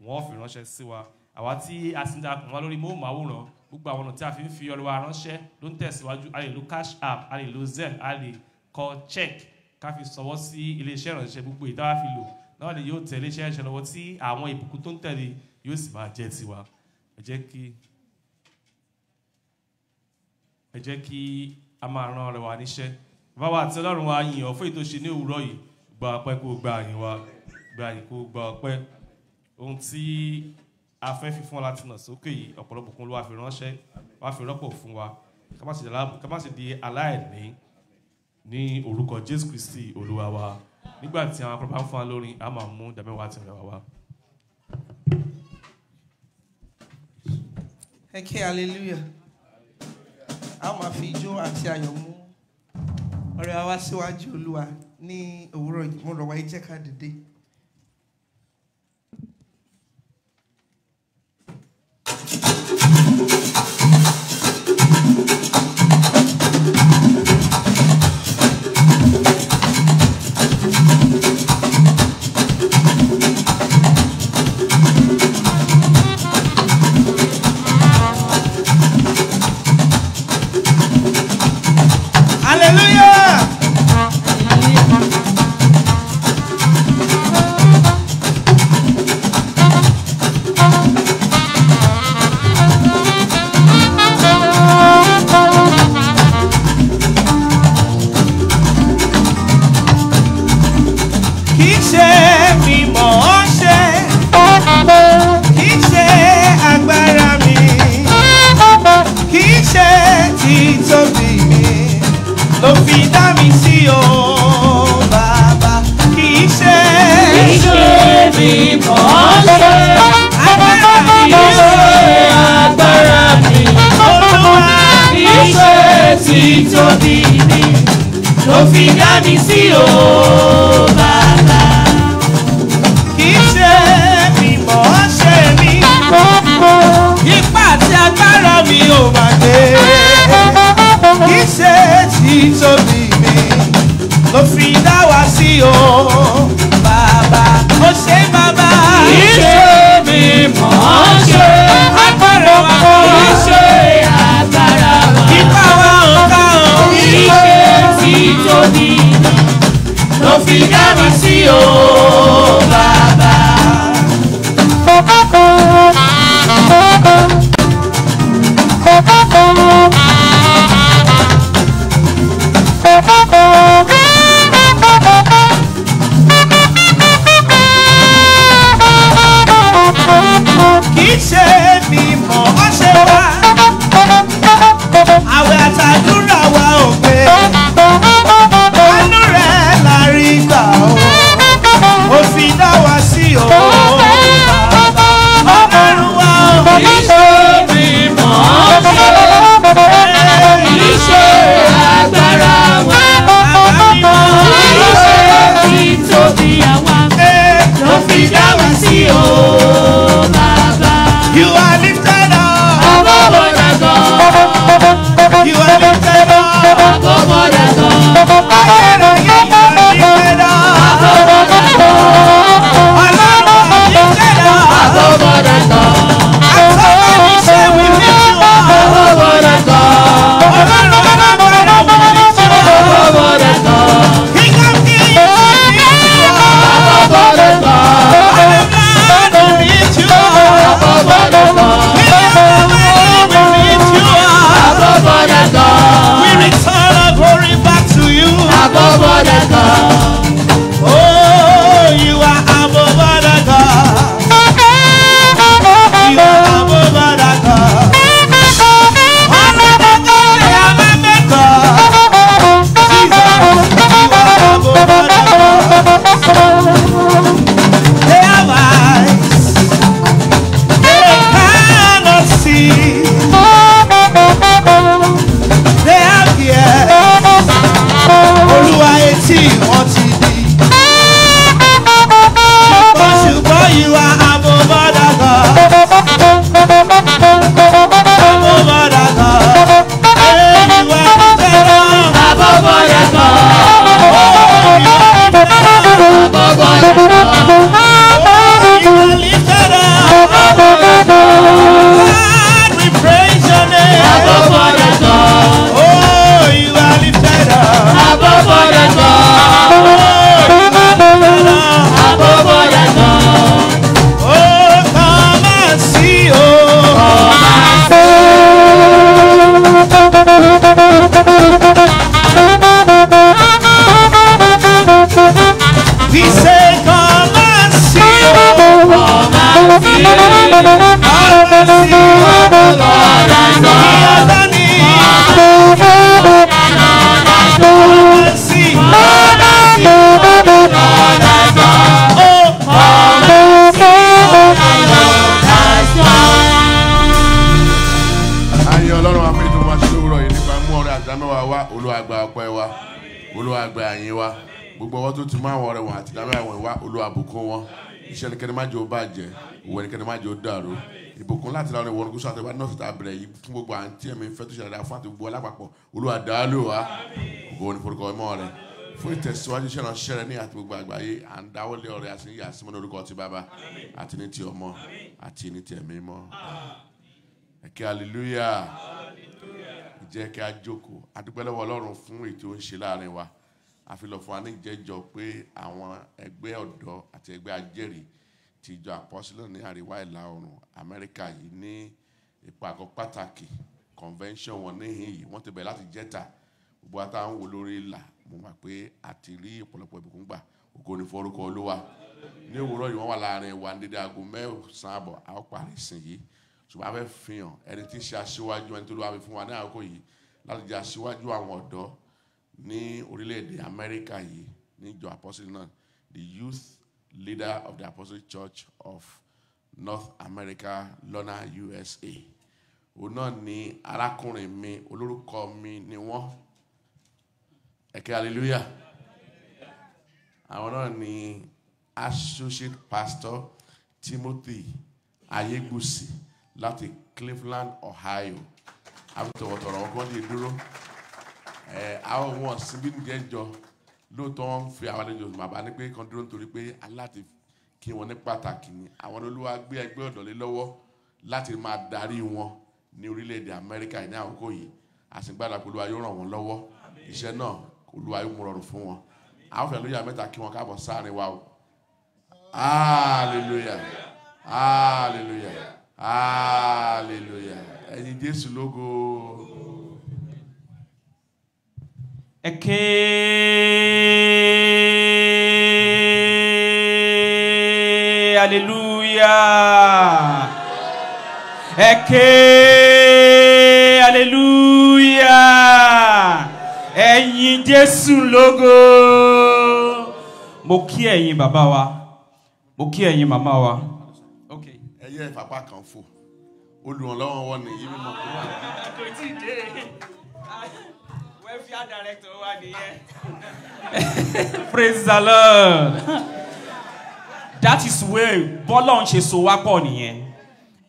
wọn ò fi ránṣẹ́ sí wa àwa tí a sì ń darapọ̀ mọ́ lórí móhùnmáwòrán gbogbo àwọn ọ̀nà tí a fi ń fi ọ̀rẹ́ wa ránṣẹ́ ló ń tẹ̀síwájú a lè lo cash app a lè lo zen a lè kọ check ká fi sọwọ́ sí iléeṣẹ́ ìrànṣẹ́ gbogbo ìdáwà fi lò náà ni yóò tẹ̀ iléeṣẹ́ ìrànṣẹ́ lọ́wọ́ tí àwọn ìbùkún tó ń tẹ̀lé yóò sì máa jẹ́ tiwa ẹ jẹ́ kí ẹ jẹ́ kí a máa ran ọ̀rẹ́ wa níṣẹ́ bàbá wa àti ọlọ́run wa yìn ọ́ fún ètò ìṣe ní òwúrọ̀ yìí gba ọpẹ́ kó gba àyìn wa gba àyìn kó gba ọpẹ́ ohun tí a fẹ́ fi fún ọ láti nà sókè yìí ọ̀pọ̀lọpọ̀ kún ló wá fi ránṣẹ́ wá fi rọ́pò fún wa ká má sì di aláìní ní orúkọ Jésù Kristi olúwa wa nígbà tí àwọn akọ̀rọ̀pá ń fún wa lórí a máa mú ìdámẹ́wàá àti ìrẹ̀wá wa. ẹ kí hallelujah a máa fi ijó àti ayọ̀ mú ọrẹ wa síwájú olúwa ní òwúrọ̀ yìí mo rọ̀ wá ẹ jẹ́ Thank you. Ayé ló àkókò dẹ́kọ̀. Oh. ¡Gracias! iṣẹ́ ní kẹ́ni má jẹ́ ó bàjẹ́ òwe ní kẹ́ni má jẹ́ ó dàrú ìbùkún láti ra ọ̀rẹ́ wọn gúúsù àtẹ̀wá nọ́ọ̀sì tá a bẹ̀rẹ̀ yìí fún gbogbo àǹtí ẹ̀mí fẹ́ tó ṣe dáadáa fún àti gbogbo alápapọ̀ olúwa dàálù wa ògo ní forúkọ ẹ̀mọ́ rẹ̀ fún ìtẹ̀síwájú iṣẹ́ ìránṣẹ́ rẹ̀ ní àti gbogbo àgbáyé à ń dáwọ́lé ọ̀rẹ́ àti níyà símọ́ ní orúkọ ti bàbá àti ní ti ọmọ àti ní ti ẹ̀mí mọ́ ẹ̀kẹ́ aleluya ìjẹ́ kí a jókòó a dúpẹ́ fún ètò ń láàrin wa àfi lọ fún wa ní ìjẹ́jọ́ pé àwọn ẹgbẹ́ ọ̀dọ́ àti ẹgbẹ́ ajẹ́rìí ti ìjọ apọ́sílẹ̀ ní àríwá ìlà oòrùn amẹ́ríkà yìí ní ìpàgọ́ pàtàkì convention wọn níhìn yìí wọ́n ti bẹ̀rẹ̀ láti jẹ́ta gbogbo ata ń wo lórí ìlà mo mọ̀ pé àti rí ọ̀pọ̀lọpọ̀ ìbùkún gbà ògo ni forúkọ olúwa ní òwúrọ̀ yìí wọ́n wà láàrin wa ní dédé aago mẹ́sàn-án àbọ̀ a ó parí ìsìn yìí ṣùgbọ́n a fẹ́ fi hàn ẹni tí ń ṣe aṣíwájú ẹni tó ló wà fi fún wa ní àkókò yìí láti jẹ́ aṣíwájú àwọn ọ̀dọ́ ní orílẹ̀-èdè amẹ́ríkà yìí níjọ àpọ́sílẹ̀ náà the youth leader of the Apostolic Church of North America, Lona, USA. Òun náà ni arákùnrin mi, olórúkọ mi ni wọ́n. Eke hallelujah. Àwọn náà ni Associate Pastor Timothy Ayégúsì láti Cleveland, Ohio. Àbútọ̀wọ̀tọ̀rọ̀ ọgbọ́n lè dúró. Àwọn ọmọ ọ̀sìn bí ń jẹ́ jọ lóòótọ́ wọn fi àwọn àlejò bàbá ní pé kan dúró nítorí pé aláti kí wọn ní pàtàkì ni àwọn olúwa gbé ẹgbẹ́ ọ̀dọ́ lé lọ́wọ́ láti máa darí wọn ní orílẹ̀-èdè amẹ́ríkà ní àkókò yìí àsìgbàdà pé olúwa yóò ràn wọ́n lọ́wọ́ iṣẹ́ náà olúwa yóò mú rọrùn fún wọn àwọn fẹ̀lú yà mẹ́ta kí wọn káàbọ̀ sáàrin wa o hallelujah hallelujah hallelujah ẹ̀yin jésù lógo. ẹ̀kẹ́. hallelujah. Ẹ ké hallelujah. Ẹyin Jésù lógo. Mo kí ẹ̀yin bàbá wa. Mo kí ẹ̀yin màmá wa. Ẹyẹ ìfapá kan fò. Olùrànlọ́wọ́ wọn nìyí mímọ́. Kò tí ì dé. Welfare director wà nìyẹn. Praise the Lord that is where bọ́lọ̀ ń ṣe so wá pọ̀ nìyẹn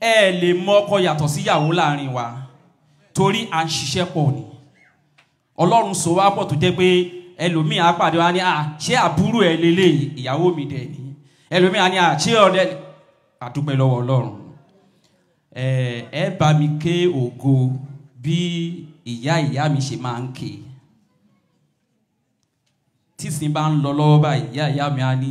ẹ lè mọ ọkọ yàtọ̀ sí ìyàwó láàrin wa torí à ń ṣiṣẹ́ pọ̀ ni ọlọ́run so wá pọ̀ tó jẹ́ pé ẹlòmíì á pàdé wa ní à ṣé àbúrò ẹ lélẹ̀ ìyàwó mi dẹ̀ ni ẹlòmíì á ní à àdúpẹ́ lọ́wọ́ ọlọ́run ẹ bá mi ké ògo bí ìyá ìyá mi ṣe máa ń ké tísìn bá ń lọ lọ́wọ́ báyìí ìyá ìyá mi á ní.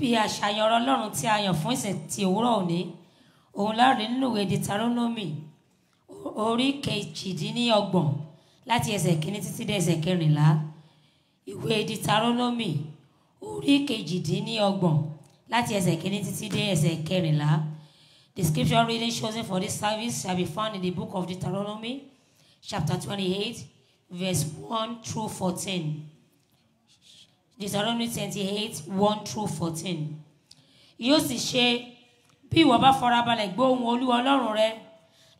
bíbí àṣàyàn ọ̀rọ̀ ọlọ́run tí a yàn fún ìsìn ti òwúrọ̀ òní òun láre nínú ìwé Dìtàrónómì orí kejìdínlọ́gbọ̀n láti ẹsẹ̀ kínní títí dé ẹsẹ̀ kẹrìnlá ìwé Dìtàrónómì orí kejìdínlọ́gbọ̀n láti ẹsẹ̀ kínní títí dé ẹsẹ̀ kẹrìnlá The scripture reading chosen for this service shall be found in the book of Deuteronomy, chapter 28, verse 1 through 14. Deuteronomy twenty eight one through fourteen yóò sì ṣe bí ìwọ bá farabalẹ̀ gbọ́ ohùn Olúwa Ọlọ́run rẹ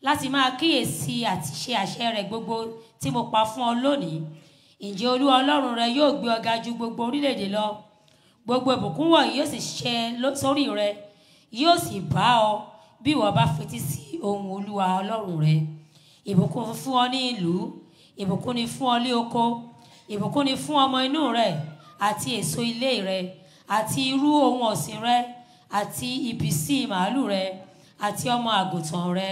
láti máa kíyèsí àti ṣe àṣẹ rẹ gbogbo tí mo pa fún ọ lónìí ǹjẹ́ Olúwa Ọlọ́run rẹ yóò gbé ọ ga ju gbogbo orílẹ̀-èdè lọ gbogbo ìbùkún wọ̀nyí yóò sì ṣẹ sórí rẹ yóò sì bá ọ bí ìwọ bá fetí sí ohùn Olúwa Ọlọ́run rẹ ìbùkún fún ọ ní ìlú ìbùkún ni fún ọ ní oko ìbùkún ni fún ọmọ inú rẹ àti èso ilé rẹ àti irú ohun ọ̀sìn rẹ àti ìbísí màálù rẹ àti ọmọ àgùntàn rẹ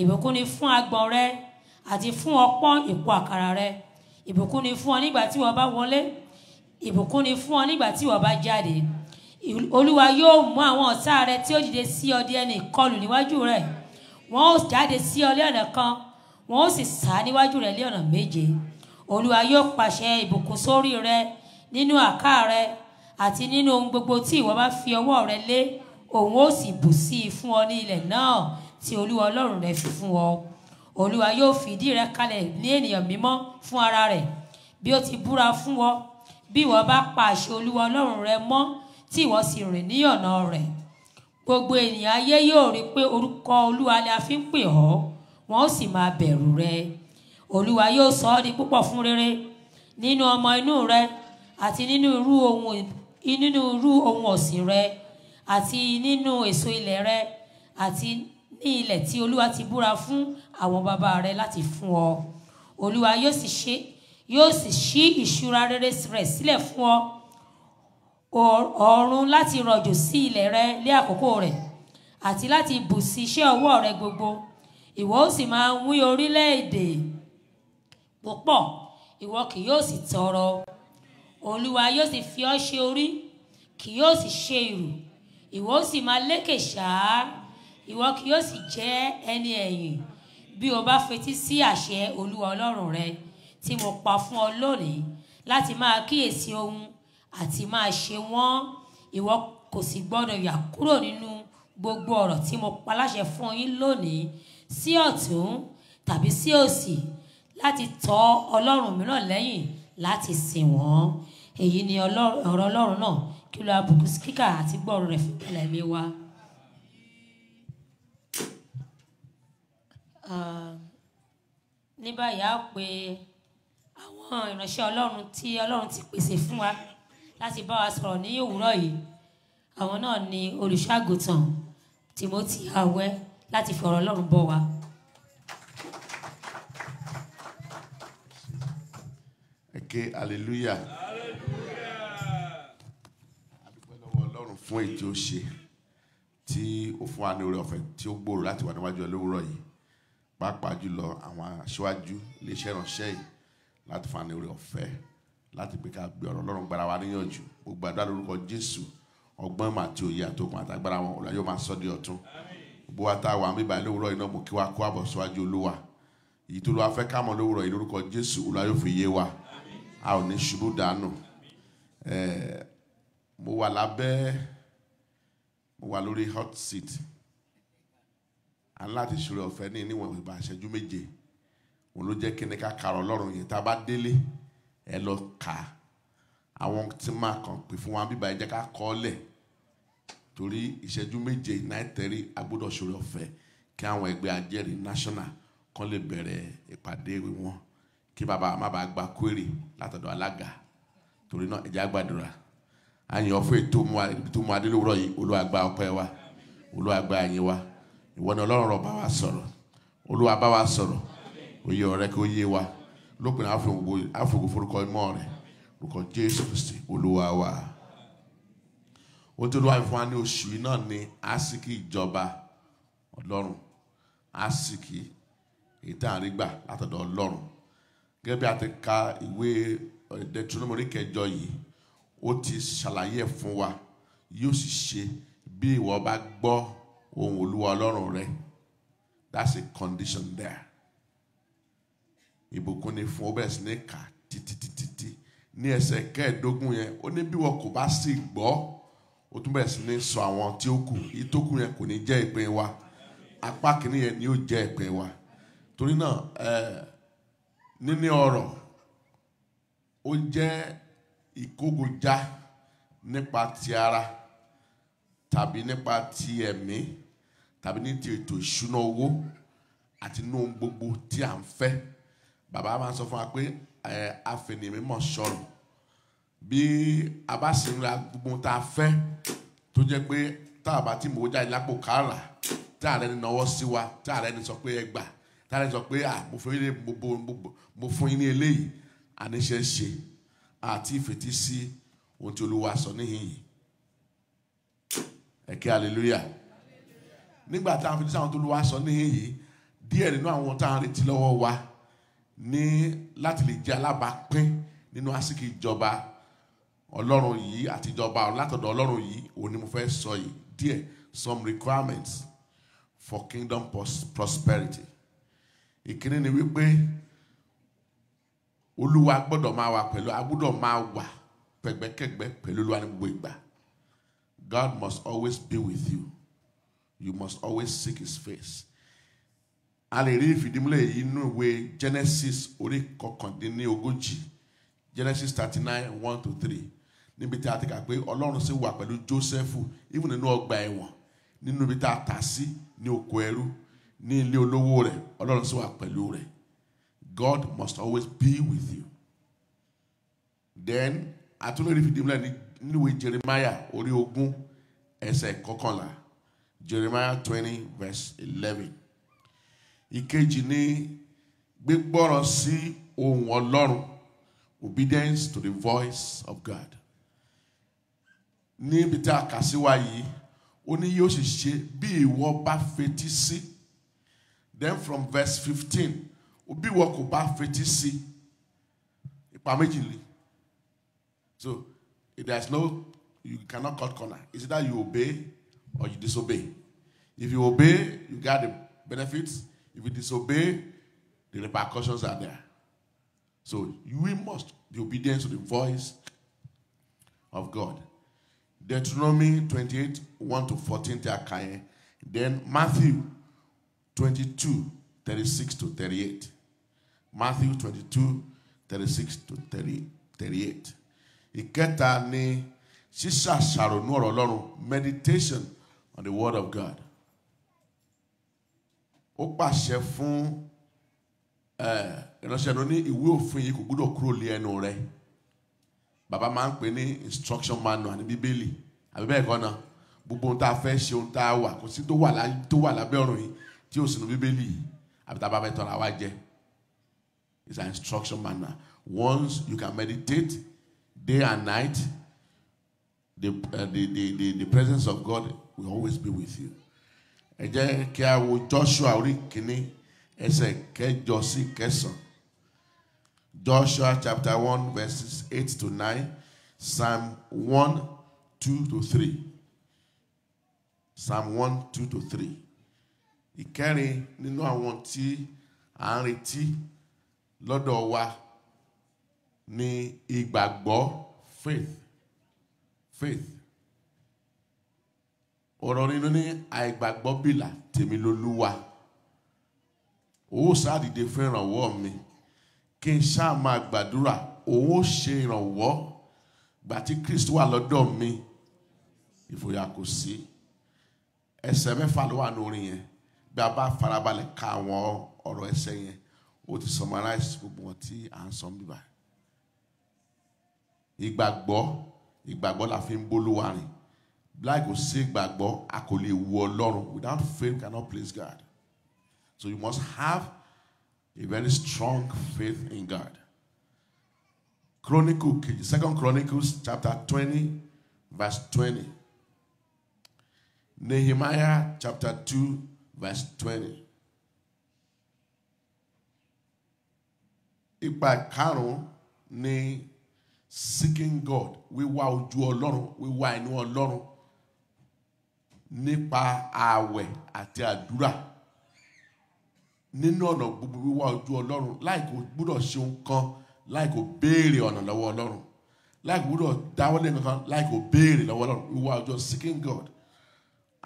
ìbùkún ni fún agbọ̀n rẹ àti fún ọpọ́n ìpò àkàrà rẹ ìbùkún ni fún ọ nígbà tí wọ́n bá wọlé ìbùkún ni fún ọ nígbà tí wọ́n bá jáde olúwa yóò mú àwọn ọ̀tá rẹ tí ó dìde sí ọ di ẹni ìkọlù níwájú rẹ wọn ó jáde sí ọ lé kan wọn ó sì sá níwájú rẹ lé méje olúwa yóò pàṣẹ ìbùkún sórí rẹ nínú àká rẹ àti nínú ohun gbogbo tí ìwọ bá fi ọwọ́ rẹ lé òun ó sì bù sí i fún ọ ní ilẹ̀ náà tí olúwa ọlọ́run rẹ fi fún ọ olúwa yóò fìdí rẹ kalẹ̀ ní ènìyàn mímọ́ fún ara rẹ bí ó ti búra fún ọ bí ìwọ bá pa àṣẹ olúwa ọlọ́run rẹ mọ́ tí ìwọ sì rìn ní ọ̀nà rẹ gbogbo ènìyàn ayé yóò rí pé orúkọ olúwa ni a fi ń pè ọ́ wọn ó sì máa bẹ̀rù rẹ olúwa yóò sọ ọ́ di púpọ̀ fún rere nínú ọmọ inú rẹ àti nínú irú ohun nínú irú ohun ọ̀sìn rẹ àti nínú èso ilẹ̀ rẹ àti ní ilẹ̀ tí olúwa ti búra fún àwọn bàbá rẹ láti fún ọ olúwa yóò sì ṣe yóò sì ṣí ìṣúra rere rẹ sílẹ̀ fún ọ ọ̀run láti rọ̀jò sí ilẹ̀ rẹ lé àkókò rẹ àti láti bù sí iṣẹ́ ọwọ́ rẹ gbogbo ìwọ ó sì máa wín orílẹ̀-èdè púpọ̀ ìwọ kì yóò sì tọrọ olúwa yóò sì fi ọ́ ṣe orí kì yóò sì ṣe ìrù ìwọ ó sì máa lékè ṣáá ìwọ kì yóò sì jẹ́ ẹni ẹ̀yìn bí o bá fetí sí àṣẹ olúwa ọlọ́run rẹ tí mo pa fún ọ lónìí láti máa kíyèsí ohun àti máa ṣe wọ́n ìwọ kò sì gbọ́dọ̀ yà kúrò nínú gbogbo ọ̀rọ̀ tí mo pa láṣẹ fún yín lónìí sí ọ̀tún tàbí sí òsì láti tọ́ ọlọ́run mìíràn lẹ́yìn láti sìn wọ́n èyí ni ọ̀rọ̀ ọlọ́run náà kí ló abùkù kíkà àti gbọ́ọ̀rọ̀ rẹ̀ fún ìpìlẹ̀ mi wá. ní báyìí a pè àwọn ìránṣẹ́ ọlọ́run tí ọlọ́run ti pèsè fún wa láti bá wa sọ̀rọ̀ ní òwúrọ̀ yìí àwọn náà ni olùṣọ́ àgùntàn Timothy Awẹ́ láti fọ̀rọ̀ ọlọ́run bọ̀ wá. ẹ̀kẹ́ hallelujah. a dúpẹ́ lọ́wọ́ ọlọ́run fún èyí tí ó ṣe tí ó fún wa ní oore ọ̀fẹ́ tí ó gbòòrò láti wà níwájú ọlọ́wọ́rọ̀ yìí pàápàá jùlọ àwọn aṣáájú iléeṣẹ́ ìránṣẹ́ yìí láti fún wa ní oore ọ̀fẹ́ láti pé ká gbé ọ̀rọ̀ ọlọ́run gbára wa níyànjú gbogbo àdúrà lórúkọ jésù ọgbọ́n mà àti òye àtòkùn àtàgbára wọn ọ̀làyò máa sọ di ọ̀tun gbogbo wa tá a wà níbàá lówùrọ̀ iná mú kí wa kó àbọ̀ síwájú olúwa ìtòlúwa fẹ́ ká mọ̀ lówùrọ̀ yìí lórúkọ jésù ọ̀làyò fi yé wa. Amen a ò ní ṣubú dànù mo wà lábẹ́ mo wà lórí hot seat aláti ṣòro ọ̀fẹ́ ní níwọ̀n ìgbà ìṣẹ́jú méje òun ló jẹ́ kí ni ká kàrọ̀ ọlọ́run yẹn tá a bá délé ẹ lọ kà á àwọn tí máa kàn pé fún wa bíbá ẹ jẹ́ ká kọ́ ọ lẹ̀ torí ìṣẹ́jú méje náìtẹ́rì agbọ́dọ̀ ṣòro ọ̀fẹ́ kí àwọn ẹgbẹ́ ajẹ́rìí national kan lè bẹ̀rẹ̀ ìpàdé wọn kí bàbá má bàa gba kwérì látọ̀dọ̀ alága torí náà ẹ̀jẹ̀ àgbàdúrà àyìn ọ̀fọ̀ ètò tó mú adé lówùrọ̀ yìí Olúwa gba ọpẹ́ wa Olúwa gba àyìn wa ìwọ ni Ọlọ́run rọ̀ bá wa sọ̀rọ̀ Olúwa bá wa sọ̀rọ̀ òye ọ̀rẹ́ kí ó yé wa lópin àfògùn forúkọ mọ́ rẹ̀ orúkọ Jésù Kristi Olúwa wa ohun tí Olúwa fún wa ní oṣù yìí náà ni asiki ìjọba Ọlọ́run asiki. èyí tá à ń rí látọ̀dọ̀ Ọlọ́run gẹ́gẹ́ bí a ti ka ìwé eh, Deuteronomy kẹjọ yìí ó ti ṣàlàyé ẹ̀ fún wa yóò sì ṣe bí ìwọ bá gbọ́ ohùn Olúwa Ọlọ́run rẹ that's a condition there ìbùkún ni fún ọbẹ̀ sí ní kà títítítí ní ẹsẹ̀ kẹẹ̀ẹ́dógún yẹn ó ní bí wọn kò bá sì gbọ́ ó tún bẹ̀rẹ̀ sí ní sọ àwọn tí ó kù yìí yẹn kò ní jẹ́ ìpín wa apá kìíní ni yóò jẹ́ ìpín wa torí náà ẹ̀ẹ́. Eh, níní ọrọ̀ ó jẹ́ ìkógojá nípa ti ara tàbí nípa ti ẹ̀mí tàbí ní ti ètò ìṣúná owó àti inú ohun gbogbo tí à ń fẹ́ bàbá máa sọ fún wa pé àfẹnìmímọ̀ sọ̀rọ̀ bí a bá sì ń ra gbogbo tá a fẹ́ tó jẹ́ pé tá a bá ti mọ̀ ó jáde lápò káàlà tá a ní náwó sí wa tá a ní sọ pé ẹ gbà tára sọ pé ah mo fún yín ní gbogbo mo fún yín ní eléyìí àníṣe ṣe àti ìfètí sí ohun tí olúwa sọ níhìn yìí ẹ̀kẹ́ hallelujah nígbà tá a fi sáwọn tó olúwa sọ níhìn yìí díẹ̀ nínú àwọn tá a retí lọ́wọ́ wa ní láti lè jẹ́ alábàápín nínú àsìkò ìjọba ọlọ́run yìí àti ìjọba látọ̀dọ̀ ọlọ́run yìí òun ni mo fẹ́ sọ yìí díẹ̀ some requirements for kingdom prosperity ìkíní ni wípé olúwa gbọ́dọ̀ máa wà pẹ̀lú a máa wà pẹ̀gbẹ́kẹ̀gbẹ́ pẹ̀lú olúwa ní gbogbo ìgbà God must always be with you you must always seek his face a lè rí ìfìdímúlẹ̀ yìí nínú ìwé Genesis orí kọkàndínlógójì Genesis thirty nine one to three níbi tí a ti kà pé ọlọ́run sì wà pẹ̀lú Jósẹ́fù even nínú ọgbà ẹ̀wọ̀n nínú ibi tá a tà sí ní oko ẹrú ní ilé olówó rẹ̀ ọlọ́run sì wà pẹ̀lú rẹ̀ God must always be with you. Then àtúndì fìdímúlẹ̀ níwèé Jeremiah orí ogún ẹsẹ̀ kọkànlá Jeremiah twenty verse eleven. Ìkejì ni gbígbọ́rọ̀ sí ohùn ọlọ́run obedience to the voice of God. Níbi tí a kà sí wa yìí, ó ní yóò sì ṣe bí ìwọ bá fetí sí. Si Then from verse 15, Obi walk about fifty c. Permanently. So, if there's no, you cannot cut corner. It's either you obey or you disobey. If you obey, you get the benefits. If you disobey, the repercussions are there. So we must be obedient to the voice of God. Deuteronomy 28, 1 to 14, then Matthew 22, 36 to 38. Matthew 22, 36 to 30, 38. Ìkẹta ni ṣíṣàṣàrònú ọ̀rọ̀ Ọlọ́run meditation on the word of God. Ó pàṣẹ fún ìránṣẹ́ ló ní ìwé òfin yìí kò gbúdọ̀ kúrò lé ẹnu rẹ̀. Bàbá máa ń pè ní instruction manual ní Bíbélì àbí bẹ́ẹ̀ kọ́ náà gbogbo ohun tá a fẹ́ ṣe ohun tá a wà kò sí tó wà lábẹ́ ọ̀run yìí tí ó sinú bíbélì àbí tá a bá fẹ́ tọ́ra wa jẹ it's an instruction manner. once you can meditate day and night the, uh, the, the, the, the presence of God will always be with you. ẹ jẹ́ kí a wo Joshua orí kìíní ẹsẹ̀ kẹjọ sí kẹsàn-án Joshua chapter one verses eight to nine Psalm one two to three Psalm one two to three. ìkẹrin nínú àwọn tí à ń retí lọ́dọ̀ wa ni ìgbàgbọ́ faith faith ọ̀rọ̀ nínú ní àìgbàgbọ́ bìlà tèmi lolúwa owó sáàdìde fún ìrànwọ́ mi kí n ṣáà máa gbàdúrà owó ṣe ìrànwọ́ gbà tí Kristi wà lọ́dọ̀ mi ìfòyà kò sí ẹsẹ̀ mẹ́fà ló wà ní yẹn bí a bá farabalẹ̀ ka àwọn ọ̀rọ̀ ẹsẹ̀ yẹn ó ti summarize gbogbo wọn tí à ń sọ bíbá ìgbàgbọ́ ìgbàgbọ́ la fi ń bólúwa rìn láì kò sí ìgbàgbọ́ a kò lè wu ọlọ́run without faith cannot please God so you must have a very strong faith in God chronicle second chronicles chapter twenty verse twenty nehemiah chapter two verse 20. Ipa karùn-ún ni seeking God we wíwá ojú Ọlọ́run wa inú Ọlọ́run nípa awe àti àdúrà nínú ọ̀nà gbogbo wíwá ojú Ọlọ́run láì kò gbúdọ̀ ṣe ohun kan láì kò béèrè ọ̀nà lọ́wọ́ Ọlọ́run like kò gbúdọ̀ dáwọ́lé nǹkan láì kò béèrè lọ́wọ́ Ọlọ́run wíwá ojú seeking God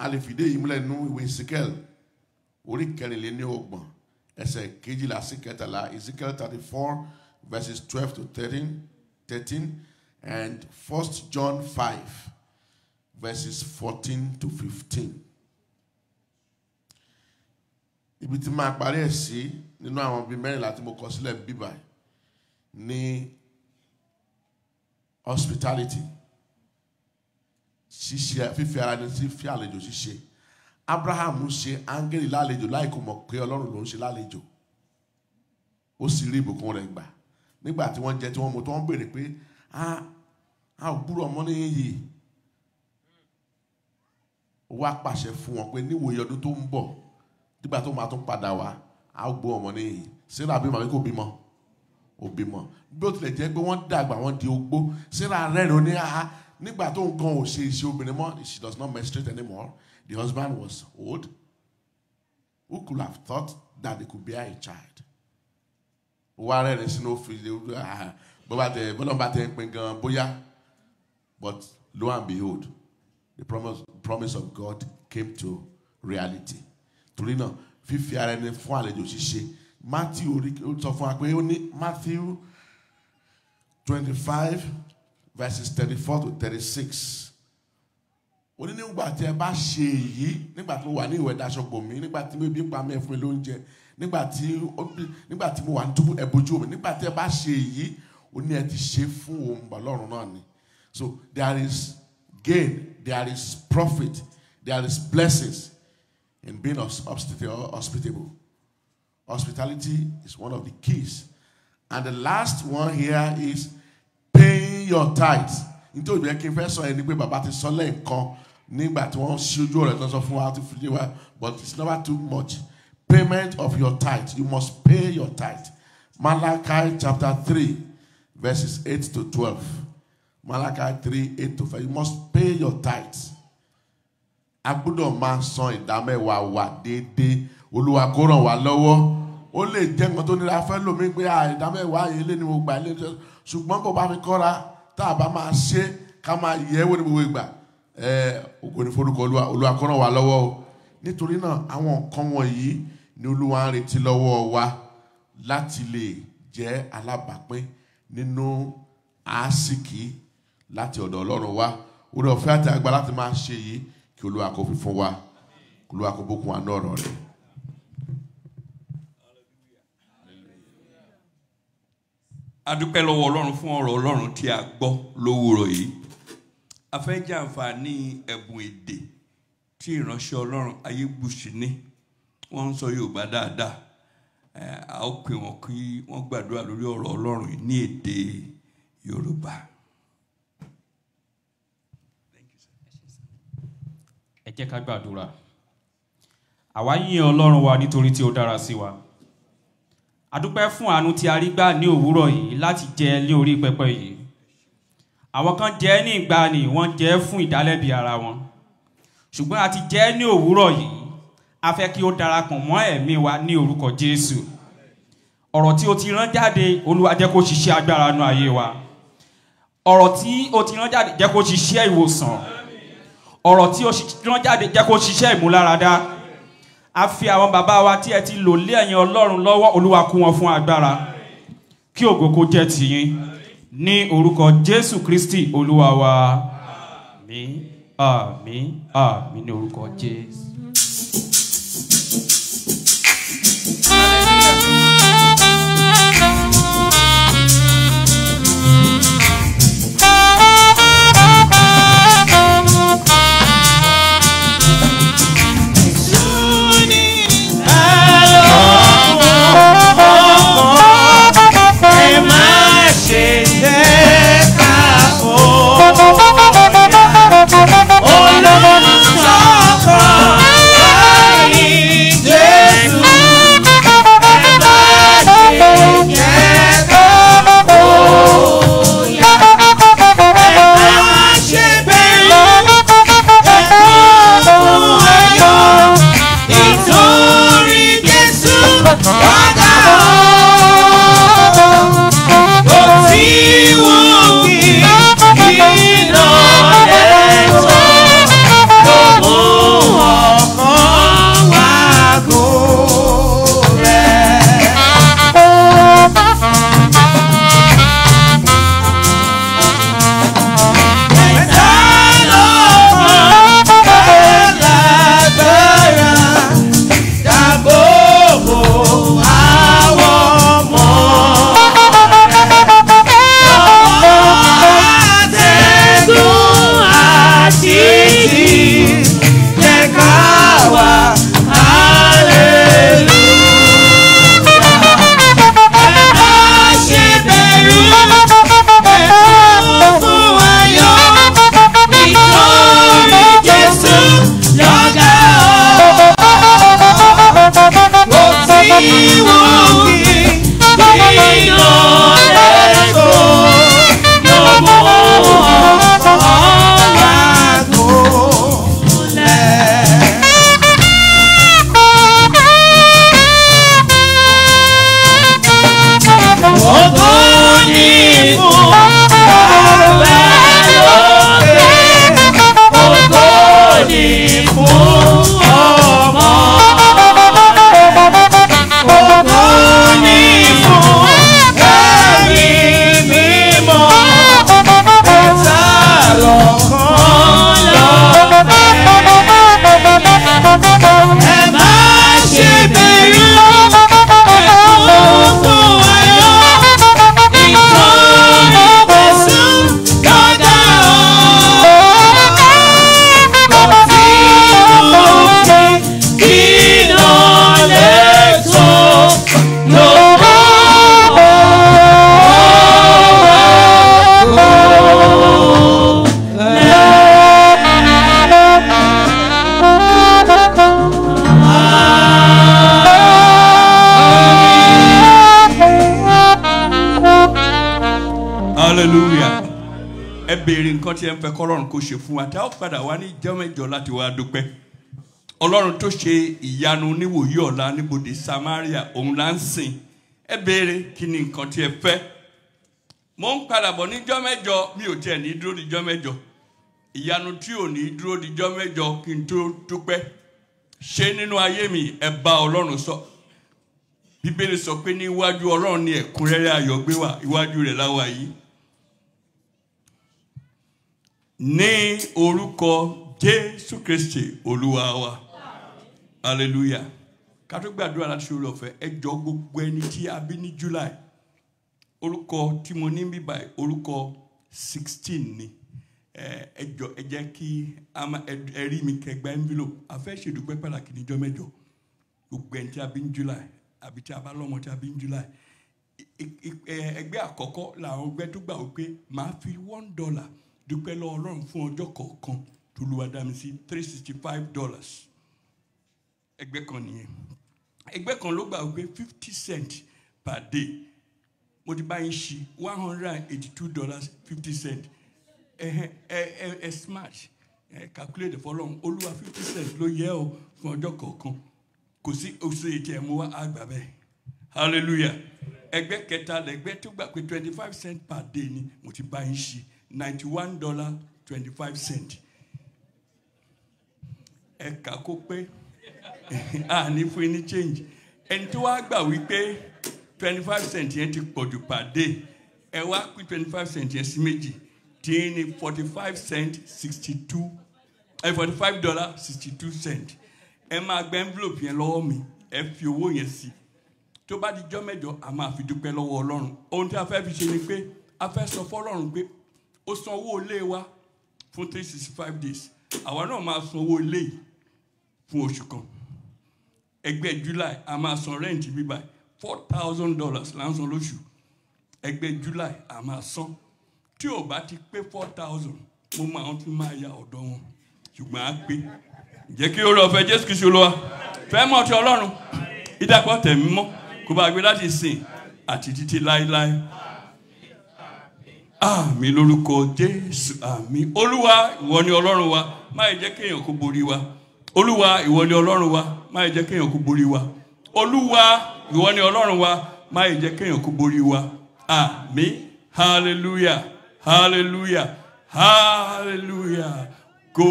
Alifide imule fìdí èyí múlẹ̀ ìwé Ezekiel orí kẹrìnlẹ́ ní ọgbọ̀n ẹsẹ̀ kejìlá sí kẹtàlá Ezekiel thirty four verses twelve to thirteen thirteen and First John five verses fourteen to fifteen. ibi tí máa parí ẹ̀ sí nínú àwọn bíi mẹ́rìnlá tí mo kọ sílẹ̀ bíbà ní hospitality ṣíṣe fífi ara ní sí fi àlejò ṣíṣe. Si abraham ṣe áńgẹ́lì lálejò láì kò mọ̀ pé ọlọ́run ló ń ṣe lálejò ó sì rí ìbùkún rẹ̀ gbà nígbà tí wọ́n jẹ tí wọ́n mu tí wọ́n béèrè pé a ò gbúrò ọmọ níyìn yìí ó wá pàṣẹ fún wọn pé níwòye ọdún tó ń bọ̀ nígbà tó máa tún padà wá a ó gbó ọmọ níyìn sarah bímọ àbí kò bímọ ò bímọ bí ó tilẹ̀ jẹ́ pé wọ́n dàgbà wọ́n di ogbó sarah rẹ́rìn-ín ní aha nígbà tó nǹkan ò ṣe iṣẹ́ obìnrin mọ́ she does not menstruate anymore The husband was old. Who could have thought that they could bear a child? Ah, bóyá. But lo and behold, the promise, promise of God came to reality. Torí náà, àlejò Matthew Matthew twenty-five verses thirty-four to thirty-six ó nígbà tí ẹ bá ṣe èyí nígbà tí mo wà ní ìwẹ̀ daṣọ́gbò mi nígbà tí ebi pa mí ẹ fún mi mo wà ní túbú ẹ bójú mi nígbà tí ẹ bá ṣe èyí ó ní ẹ ti mo wa ni tubu e boju nigba òun o e ti se náà ni so there is gain there is profit there is blessings in being hospitable hospitality is one of the keys and the last one here is paying your tithes nítorí ìbẹ̀rẹ̀ kí n fẹ́ sọ ẹni pé bàbá ti sọ lẹ́ẹ̀kan nígbà tí wọ́n ṣojú ọ̀rẹ́ tán sọ fún wa ti fi dé wa but it's never too much payment of your tithe you must pay your tithe Malachi chapter three verses eight to twelve Malachi three eight to five you must pay your tithe a máa san ìdámẹ́wàá wa déédéé olúwa kó ràn wá lọ́wọ́ ó lè jẹ́ nǹkan tó nira fẹ́ lómi pé ìdámẹ́wàá yìí lé ní mo gbà lé ṣùgbọ́n bó bá fi kọ́ra tá a bá máa ṣe ká máa yẹ̀ wò ní gbogbo ìgbà ògo ní forúkọ olúwa olúwa kó ràn wá lọ́wọ́ o nítorí náà àwọn nǹkan wọ̀nyí ni olúwa ń retí lọ́wọ́ wa láti lè jẹ́ alábàápín nínú àásìkí láti ọ̀dọ̀ ọlọ́run wa orí ọ̀fẹ́ àti agbára láti máa ṣe yìí kí olúwa kó fi fún wa olúwa kó bùkún àánú ọ̀rọ̀ rẹ̀. adúpẹ́ lọ́wọ́ ọlọ́run fún ọ̀rọ̀ ọlọ́run tí a gbọ́ lówùrọ̀ yìí afẹ́jẹ́ àǹfààní ẹ̀bùn èdè tí ìránṣẹ́ ọlọ́run ayébùsì ní wọ́n ń sọ yorùbá dáadáa a ó pè wọ́n kí wọ́n gbàdúrà lórí ọ̀rọ̀ ọlọ́run ní èdè yorùbá. ẹ jẹ́ ká gbàdúrà àwa yìn ọlọ́run wa nítorí tí ó dára sí wa a dúpẹ́ fún àánú tí a rí gbà ní òwúrọ̀ yìí láti jẹ ní orí pẹpẹ yìí àwọn kan jẹ ní ìgbàanì wọ́n jẹ fún ìdálẹ́bi ara wọn ṣùgbọ́n a ti jẹ ní òwúrọ̀ yìí a fẹ́ kí ó darapọ̀ mọ́ ẹ̀mí wa ní orúkọ Jésù ọ̀rọ̀ tí o ti rán jáde Olúwa jẹ́ kó ṣiṣẹ́ agbára nu ayé wa ọ̀rọ̀ tí o ti rán jáde jẹ́ kó ṣiṣẹ́ ìwòsàn ọ̀rọ̀ tí o rán jáde jẹ́ kó ṣiṣẹ́ ìmúláradá a fi àwọn bàbá wa tí ẹ ti lò lé ẹ̀yìn Ọlọ́run lọ́wọ́ Olúwa kú wọn fún agbára kí ògo kó jẹ́ ní orúkọ jésù kristi olúwa wa àmín àmín àmín ní orúkọ jésù. Oh, béèrè nǹkan tí ẹ ń fẹ́ kọ́lọ́run kó ṣe fún wa tá a padà wá ní jẹ́mẹ̀jọ láti wá dúpẹ́ ọlọ́run tó ṣe ìyanu níwòyí ọ̀la níbodè Samaria òun là ń sìn ẹ béèrè kí ni nǹkan tí ẹ fẹ́ mo ń padà bọ̀ níjọ́ mẹ́jọ mi ò tiẹ̀ ní dúró níjọ́ mẹ́jọ ìyanu tí ò ní dúró níjọ́ mẹ́jọ kí n tó dúpẹ́ ṣé nínú ayé mi ẹ bá ọlọ́run sọ bíbélì sọ pé níwájú ọlọ́run ni ẹ̀kúnrẹ́rẹ́ ayọ̀ gbé wà iwájú rẹ̀ láwa yìí ní orúkọ jésù kristi olúwa wa hallelujah kátó gbàdúrà láti ṣòro ọ̀fẹ́ ẹjọ́ gbogbo ẹni tí a bí ní july orúkọ tí mo ní ni ẹjọ́ ẹ kí ẹ mi kẹgbẹ́ envelope a fẹ́ pàtàkì níjọ́ mẹ́jọ gbogbo ẹni tí a bí ní july àbí tí a bá fi one dollar dúpẹ́ lọ́wọ́ ọlọ́run fún ọjọ́ kọ̀ọ̀kan tó lu sí three sixty five dollars ẹgbẹ́ kan nìyẹn ẹgbẹ́ kan ló gbà wípé fifty cent per day mo ti bá yín ṣí one hundred and eighty two dollars fifty cent ẹ ẹ ẹ ẹ smart ẹ calculate fọlọ́run olúwa fifty cent ló yẹ o fún ọjọ́ kọ̀ọ̀kan kò sí oṣù ètò ẹ̀ mú wá àgbà bẹ́ẹ̀ hallelujah ẹgbẹ́ kẹta lẹ́gbẹ́ tó gbà pé twenty five cent per day ni mo ti bá yín ṣí. Ninety-one dollar twenty $91.25. ẹ̀ka kó pé àní fún yín ní change ẹni tí wàá gbà wípé twenty five cent yẹn ti pọ̀jù pàdé ẹ wá pín twenty five cent yẹn sí méjì tí ń forty five cent sixty two ẹ forty five dollar sixty two cent ẹ máa gbé envelope yẹn lọ́wọ́ mi ẹ fi owó yẹn sí tó bá di jọ́ mẹ́jọ a máa fi dúpẹ́ lọ́wọ́ ọlọ́run ohun tí a fẹ́ fi ṣe ni pé a fẹ́ sọ fọ́lọ́run pé ó san owó ilé wa fún three sixty five days àwa náà máa san owó ilé fún oṣù kan ẹgbẹ́ july a máa san rent bíbá four thousand dollars là ń san lóṣù ẹgbẹ́ july a máa san tí ò bá ti pé four thousand mo máa tún máa ya ọ̀dọ̀ wọn ṣùgbọ́n á pé jẹ́ kí o rọ̀ fẹ́ jésù kìí ṣe olúwa fẹ́ mọ̀ ti ọlọ́run ìdàpọ̀ tẹ̀mí mọ́ kó bá gbé láti sìn àti títí láéláé. àmì lórúkọ jésù àmì olúwa ìwọ ni ọlọ́run wa má jẹ kéèyàn kó borí wa olúwa ìwọ ni ọlọ́run wa má jẹ kéèyàn kó borí wa olúwa ìwọ ni ọlọ́run wa má jẹ kéèyàn kó borí wa àmì hallelujah hallelujah hallelujah go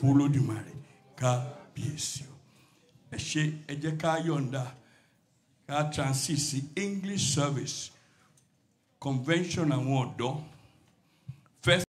folódùmarè kábíyèsí ẹ ṣe ẹ jẹ́ ká yọ̀ǹda ká transit sí english service. convention award though. First